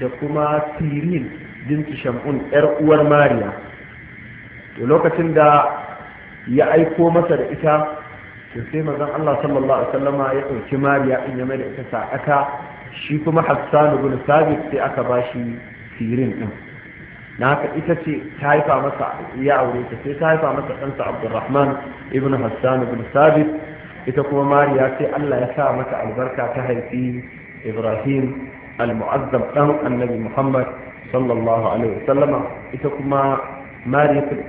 da kuma sirin binti shamun yar uwar mariya to lokacin da ya aiko masa da ita to sai mazan Allah sallallahu alaihi wasallama ya ɗauki mariya in ya mai da ita sa'aka shi kuma hassan ibn sabit sai aka bashi sirin din na ita ce ta haifa masa ya aure ta sai ta haifa masa ɗansa abdurrahman ibn hassan ibn sabit ita kuma mariya sai allah ya sa mata albarka ta haifi ibrahim al-mu'azzam ɗan annabi muhammad sallallahu alaihi wasallama ita kuma mariya ta ba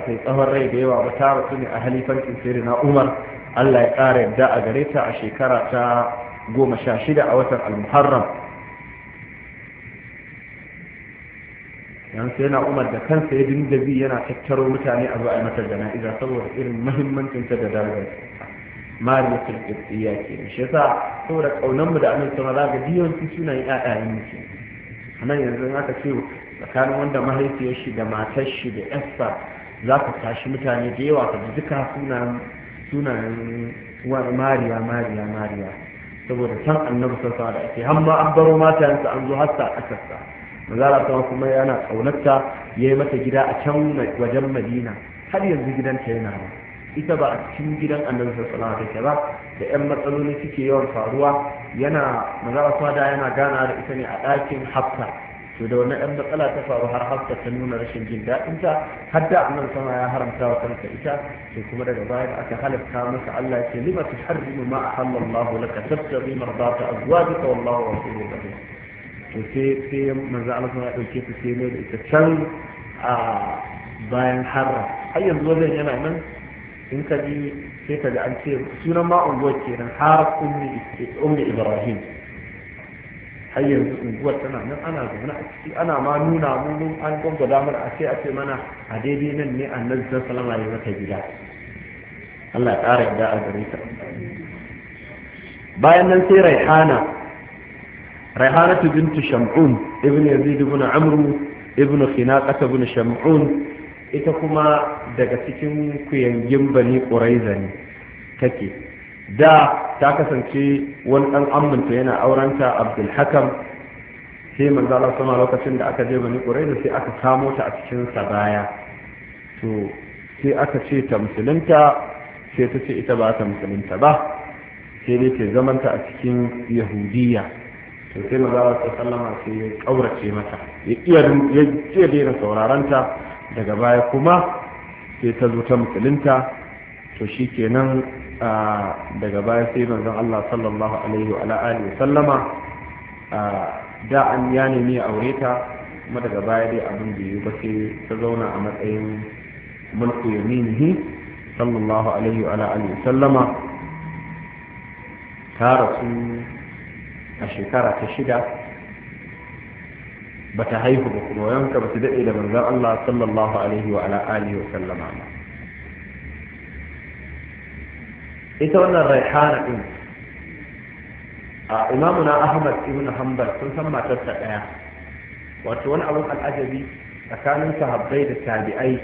ta yi tsawon rai da yawa ba ta rasu ne a halifancin sirri na umar allah ya ƙara yadda a gare ta a shekara ta goma sha shida a watan al-muharram yan sai na umar da kansa ya dinga bi yana tattaro mutane a ba'a mata jana'iza saboda irin muhimmancin ta da darajar mariya ya ke shi yasa saboda kaunan mu da amince sama za ga biyanci suna yi ƴaƴayen mu nan yanzu aka ce tsakanin wanda mahaifiyar shi da matar shi da ƴarsa za ka tashi mutane da yawa ka ji duka sunan sunan mariya mariya mariya saboda can annabi sassa da ake hamma an baro matayensa an zo hassa a ƙasarsa manzala kuma kuma yana ya yi mata gida a can wajen Madina har yanzu gidanta yana nan ita ba a cikin gidan annabi sallallahu alaihi wasallam ba da yan matsaloli suke yawan faruwa yana manzala kuma da yana gana da ita ne a ɗakin Hafsa to da wannan ƴan matsala ta faru har Hafsa ta nuna rashin jin daɗin ta har da annabi sama ya haramta wa kansa ita Sai kuma daga baya aka halatta masa Allah ya ce lima tuharrimu ma ahallallahu laka tabtaghi mardata azwajika wallahu ghafurur rahim to sai sai manzo Allah ya dauke su sai mai da ita can a bayan harra har yanzu wajen yana nan in ka ji sai ka ga an ce sunan ma unguwar kenan har ummi ibrahim har yanzu unguwar tana nan ana zaune a ciki ana ma nuna mu an gwagwada mana a ce a ce mana a daidai nan ne annabi sallallahu alaihi wasallam ya mata gida Allah ya ƙara gida a gare ta bayan nan sai raihana raihanatu bintu sham'un ibn yazid ibn amru ibn khinaqa ibn sham'un ita kuma daga cikin kuyangin bani quraiza ne take da ta kasance wani ɗan amminta yana aurenta abdul hakam sai manzo Allah sama lokacin da aka je bani quraiza sai aka samo ta a cikinsa baya. to sai aka ce ta musulunta sai ta ce ita ba ta musulunta ba sai dai ta zamanta a cikin yahudiya to sai maza wasu sallama sai ya ƙaurace mata ya iya daina sauraranta daga baya kuma sai ta zo ta musulunta to shi kenan daga baya sai manzon Allah sallallahu alaihi wa alihi wa sallama da an ya nemi ya aure ta kuma daga baya dai abin da yi ba sai ta zauna a matsayin mulku yaminihi sallallahu alaihi wa alihi wa sallama ta rasu a shekara ta shida ba ta haihu ba kuma yanka ba su daɗe da manzan Allah sallallahu alaihi wa ala alihi wa sallama ba ita wannan raihana ɗin a imamuna ahmad ibn hanbal sun san matarsa ɗaya wato wani abin al'ajabi tsakanin sahabbai da tabi'ai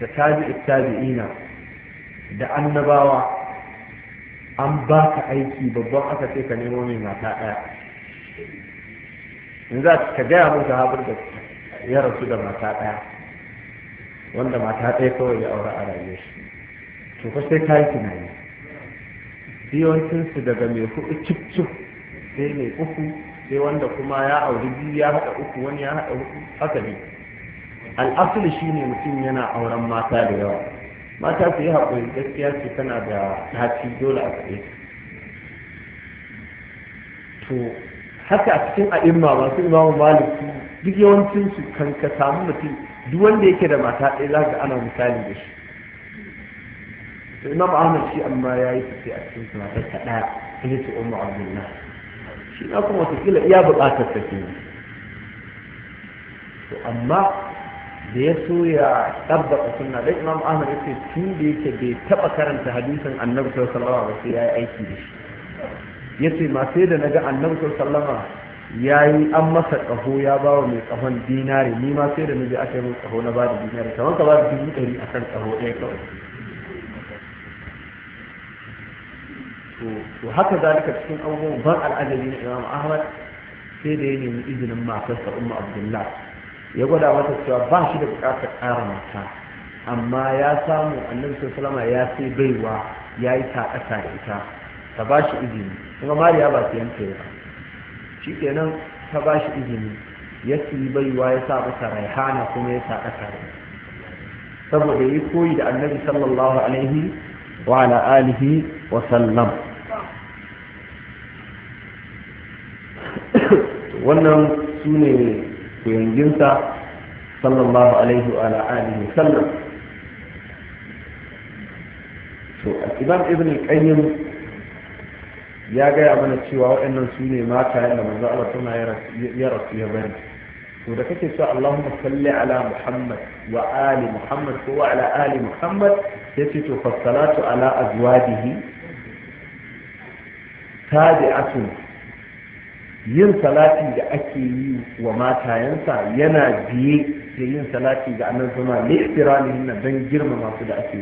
da tabi'i tabi'ina da annabawa an ba ka aiki babban aka ce ka nemo mai mata ɗaya in za ka gaya mun haɓar da ya rasu da mata ɗaya wanda mata ɗaya kawai ya aure a rayuwar shi to fa sai ka yi tunani yawancinsu daga mai hudu cip cip sai mai uku sai wanda kuma ya auri biyu ya haɗa uku wani ya haɗa uku haka ne al'asili shine mutum yana auren mata da yawa mata su yi haƙuri gaskiya ce tana da tafi dole a tsaye to haka a cikin al'umma masu imamu malik duk yawancin su kan ka samu mutum duk wanda yake da mata ɗaya za ka ana misali da shi to imam ahmad shi amma ya yi fice a cikin su mata ta ɗaya ita ce umma abdullah shi na kuma wataƙila iya buƙatar ta kenan to amma da ya so ya a suna dai imam ahmad ya ce tun da yake bai taba karanta hadisin annabi sallallahu alaihi wasallam sai yayi aiki da shi yace ma sai da naga annabi sallallahu alaihi yi an masa ƙaho ya ba wa mai ƙahon dinari ni ma sai da naga aka yi ƙaho na ba da dinari kamar ka ba da dubu ɗari akan ƙaho ɗaya kawai to haka zalika cikin abubuwan ban al'ajabi na imam ahmad sai da ya nemi izinin matarsa umma abdullahi ya gwada mata cewa ba shi da bukatar ƙara mata amma ya samu annabi sallama ya sai baiwa ya yi taɗaka da ita ta ba shi izini kuma mariya ba ta yanke ba shi kenan ta ba shi izini ya siyi baiwa ya sa mata raihana kuma ya taɗaka da saboda yi koyi da annabi sallallahu alaihi wa ala alihi wa sallam wannan su ne yanginsa sallallahu alaihi wa alihi wa sallam to imam ibn al-qayyim ya gaya mana cewa waɗannan su ne mata yadda manzo Allah suna ya rasu ya bari to da kake cewa Allahumma salli ala Muhammad wa ali Muhammad ko wa ala ali Muhammad yace to fassalatu ala azwajihi tabi'atun yin salati da ake yi wa matayensa yana biye da yin salati ga annan zama lihtiramihin don girma masu da ake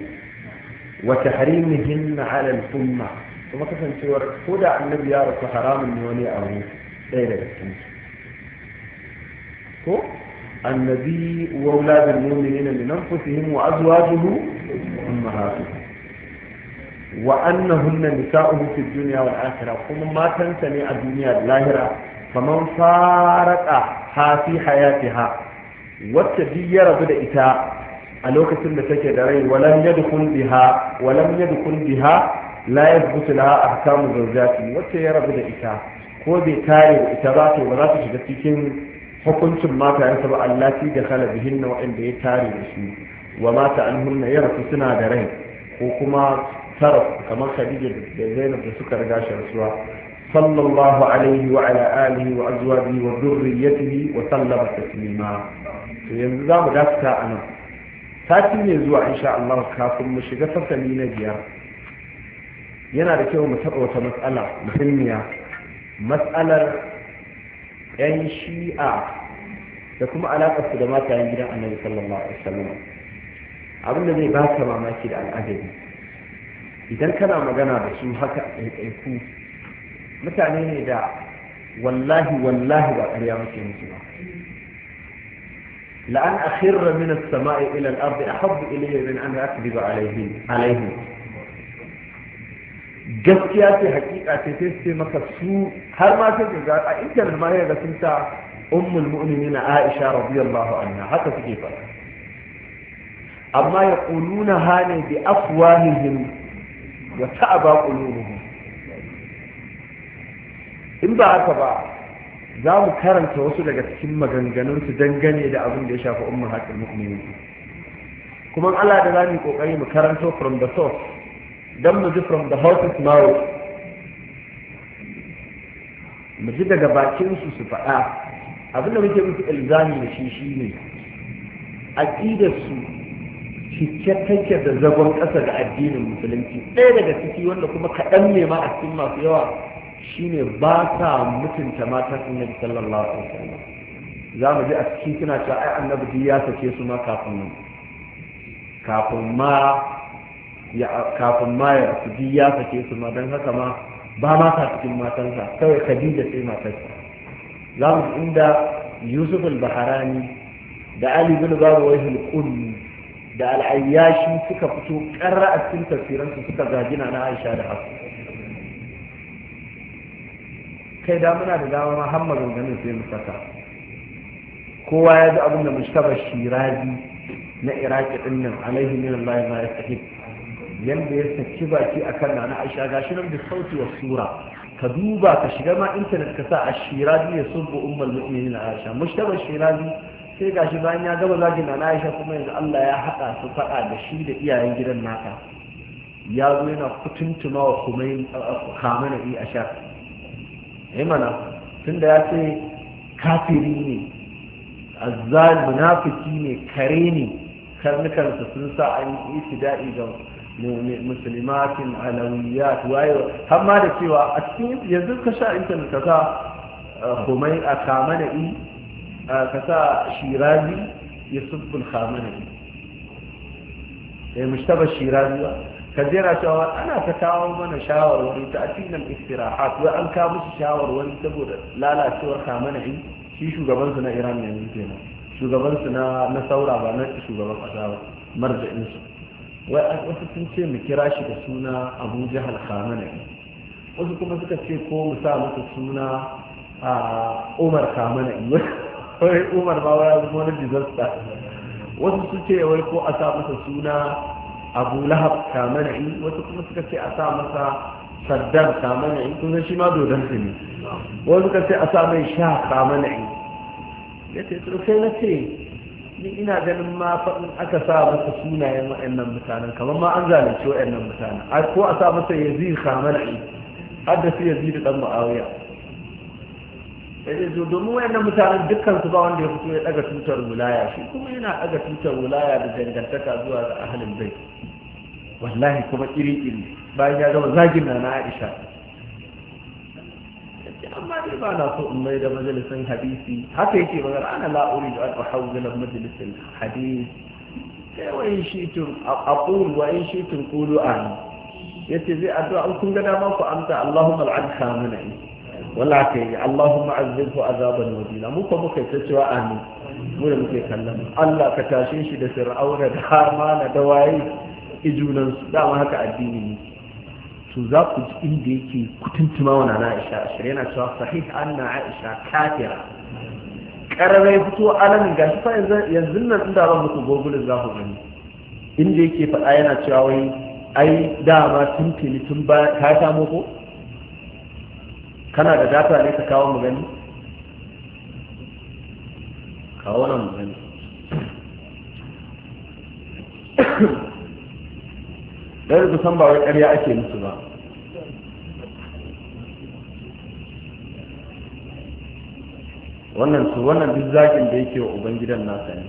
wa tahrimihin na alal umma kuma kasancewar ko da annabi ya rasu haramun ne wani a wani ɗaya daga cikin ko annabi wa wuladul mu'minina li anfusihim wa azwajihi ummahatuhum wa annahunna nisa'uhu fi dunya wal akhirah kuma matansa ne a duniya da lahira faman faraƙa ha fi hayatiha wacce duk ya rabu da ita a lokacin da take da rai walam yadkhul biha walam yadkhul biha la yathbutu wacce ya rabu da ita ko bai tare da ita ba ba za ta shiga cikin hukuncin mata matayensa ba allati da kala bihinna wa'anda ya tare da su wa mata anhunna ya rasu suna da rai ko kuma sarraf kamar khadija da zainab da suka riga shi rasuwa sallallahu alaihi wa ala alihi wa azwajihi wa dhurriyyatihi wa sallama taslima to yanzu za mu dakata a nan sati ne zuwa insha Allah kafin mu shiga fasali na biyar yana da kyau mu taɓa wata matsala muhimmiya matsalar 'yan shi'a da kuma su da matayen gidan annabi sallallahu alaihi wasallam abin da zai ba ka mamaki da al'ajabi idan kana magana da su haka a ɗaiɗaiku mutane ne da wallahi wallahi ba ƙarya muke musu ba la'an akhirra min as-sama'i ila al-ardi ahabbu ilayya min an akdiba alayhi alayhi gaskiya ce hakika ce sai maka su har ma sai ga a internet ma ya sun ta ummul mu'minina Aisha radiyallahu anha haka suke fara. amma yaquluna hane bi afwahihim wa ta'aba qulubuhum in ba haka ba za mu karanta wasu daga cikin maganganunsu dangane da abin da ya shafi ummul haqqil mu'minin kuma Allah da zamu kokari mu karanto from the source dan mu ji from the of mouth mu ji daga bakin su su faɗa abin da muke musu ilzami da shi shine aqidar su cike take da zagon ƙasa da addinin musulunci ɗaya daga ciki wanda kuma kaɗan ne ma a cikin masu yawa shine ba sa mutunta matan annabi sallallahu alaihi wasallam za mu ji a ciki suna cewa ai annabi ya sake su ma kafin kafin ma ya kafin ma ya su ya sake su ma don haka ma ba ma sa cikin matansa kawai khadija sai matarsa za mu inda yusuf al-baharani da ali bin babu wahil qulli da al'ayyashi suka fito ƙarra a cikin tafsiransu suka gajina na aisha da haku kai da muna da dama ma har maganganun sai mu saka kowa ya ji abin da mushtaba shirazi na iraki din nan alaihi min allah ma yastahib yanda ya saki baki akan na na aisha gashi nan da sauti wa sura ka duba ka shiga ma intanet ka sa ashirazi ya subbu ummul mu'minin aisha mustaba shirazi sai ga shi bayan ya gaba zagin na Aisha kuma yanzu Allah ya haɗa su faɗa da shi da iyayen gidan naka ya zo yana kutuntuma wa kumain uh, kamana i a sha eh mana tunda ya ce kafiri ne azzal munafiki ne kare ne karnukansa sun sa an yi ibtida'i ga musulmatin alawiyat waye har ma da cewa a cikin yanzu ka sha intanet ka sa uh, kumai a kamana i ka sa shirazi yusufu khamani eh mushtaba shirazi ba ka jera cewa ana ta kawo mana shawarwari ta asinan istirahat wa an kawo musu shawarwari saboda lalacewar khamani shi shugabansu na iran ne yanzu kenan shugabansu na na saura ba na shugaban kasa ba marja'insu wai wasu sun ce mu kira shi da suna abu jihar khamani wasu kuma suka ce ko mu sa masa suna a umar Khamenei. kawai umar ba wani zama wani disaster wasu su ce wai ko a sa masa suna abu lahab kamana'i wasu kuma suka ce a sa masa saddam kamana'i kun san shi ma dodon su ne wasu suka ce a sa mai sha kamana'i ya ce sai na ce ni ina ganin ma faɗin aka sa masa sunayen nan mutanen kamar ma an zalunci nan mutanen ko a sa masa yazid kamana'i hadda su yazid ɗan mu'awiya zo domin wayannan mutanen dukkan su ba wanda ya fito ya daga tutar wilaya shi kuma yana daga tutar wulaya da dangantaka zuwa ga ahalin bai wallahi kuma iri iri bayan ya gama zagin na Aisha amma dai ba na so in mai da majalisin hadisi haka yake magana ana la'uri da an hawzala majalisin hadisi sai tun in shitun aqul wa in shitun qulu an yace zai addu'a kun ga dama ku amsa Allahumma al'an kamina wala ta yi Allahumma azzilhu azaban madina mu ko muka ta cewa amin mu da muke kallon Allah ka tashe shi da fir'auna da harma na da waye ijunan su dama haka addini ne to za ku ji inda yake kutuntuma wa nana Aisha ashir yana cewa sahih anna Aisha kafira Karamai fito alamin gashi fa yanzu nan inda ban muku gogul za ku gani inda yake faɗa yana cewa wai ai dama tuntuni tun ba ka samu ko kana da data ne ka kawo mu gani kawo nan mu gani ɗaya da san ba wai ƙarya ake musu ba wannan su wannan duk zagin da yake wa ubangidan nasa ne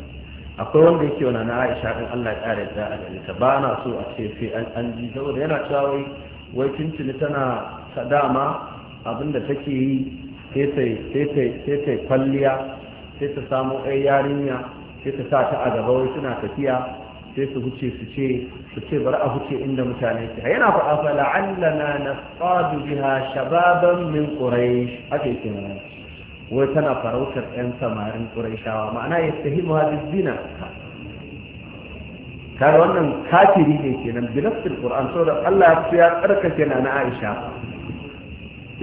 akwai wanda yake wani na aisha ɗin allah ya ƙara da a gare ta ba na so a ce sai an ji saboda yana cewa wai wai tuntuni tana sadama abinda take yi sai ta kwalliya sai ta samu ɗaya yarinya sai ta sa ta a gaba wai suna tafiya sai su huce su ce su ce bar a huce inda mutane ke yana faɗa fa la'allana nasqadu biha shababan min quraish ake kenan wai tana farautar ɗan samarin quraishawa ma'ana yastahimu hadhihi zina kaga wannan kafiri ne kenan bi nafsil qur'an saboda Allah ya tsarkake na na Aisha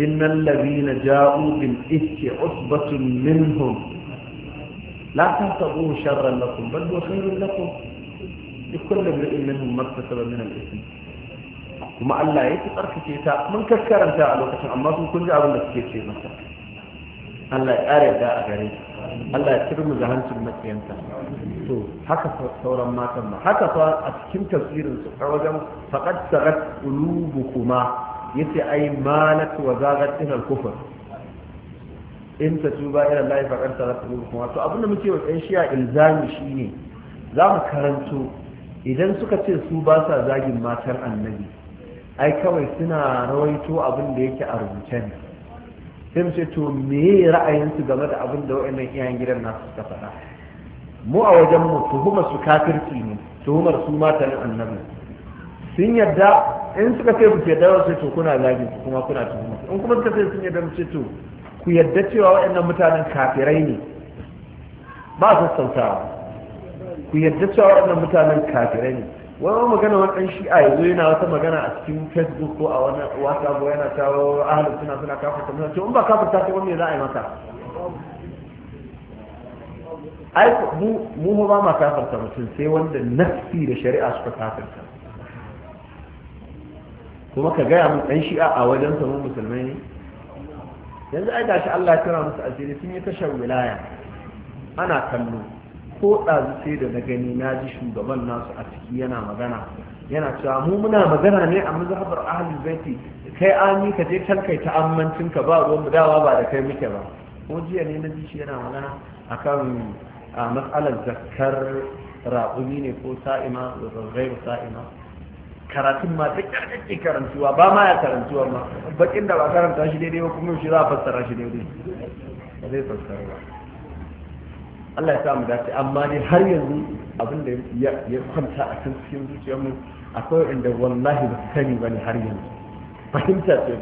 إن الذين جاءوا بالإفك عصبة منهم لا تنتظروا شرا لكم بل هو خير لكم لكل امرئ منهم ما اكتسب من الإثم وما ألا يتقرك تا من كسر أنت على وقت أما كن جاءوا لك كيف شيء مثلا ألا يقارع داء غريب ألا يترمي جهنم المكي أنت to haka sauran matan ma haka fa a cikin tafsirin su a wajen faqad yace ai malat wa zagat min al-kufr in ta tuba ila Allah fa qad sarat qulubukum wato abinda muke wa ɗan shi'a ilzami shine za mu karanto idan suka ce su ba sa zagin matar annabi ai kawai suna rawaito abin da yake a rubuce ne sai mu ce to me ra'ayinsu game da abin da wa'annan iyayen gidan nasu suka faɗa mu a wajen mu tuhumar su kafirci ne tuhumar su matan annabi sun yadda in suka ce ku yadda wasu to kuna zagi kuma kuna tuhuma in kuma suka ce sun yadda mu ce to ku yadda cewa waɗannan mutanen kafirai ne ba su sautawa ku yadda cewa waɗannan mutanen kafirai ne wani magana wani ɗan shi'a ya zo yana wata magana a cikin facebook ko a wani whatsapp ko yana tawo ahalin suna suna kafarta mutane to in ba kafarta ta wani za a yi mata ai mu ba ma kafarta mutum sai wanda nafsi da shari'a suka kafarta kuma ka gaya mun ɗan shi'a a wajen samun musulmai ne yanzu ai gashi Allah ya kira musu asiri sun yi tashar wilaya ana kallo ko ɗazu sai da na gani na ji shugaban nasu a ciki yana magana yana cewa mu muna magana ne a mazhabar ahlul baiti kai ami ka je can ta amincin ka ba ruwan dawa ba da kai muke ba ko jiya ne na ji shi yana magana akan a matsalar zakkar raƙumi ne ko sa'ima da zairu sa'ima karatun ma ta kyarkake karantuwa ba ma ya karantuwa ma bakin da ba karanta shi daidai ba kuma shi za a fassara shi daidai ba zai fassara ba Allah ya sa mu dace amma ne har yanzu abin da ya kwanta a kan cikin zuciyarmu akwai inda wallahi ba su sani ba ne har yanzu fahimta ce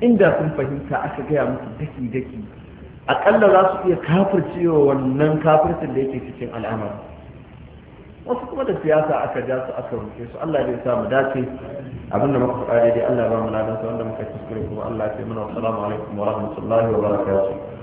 inda sun fahimta aka gaya musu daki daki akalla za su iya kafircewa wannan kafircin da yake cikin al'amari wasu kuma da siyasa aka ja su aka rufe su Allah ya sa mu dace abinda muka faɗa dai Allah ba mu ladan sa wanda muka kuskure kuma Allah ya kai mana assalamu alaikum wa rahmatullahi wa barakatuh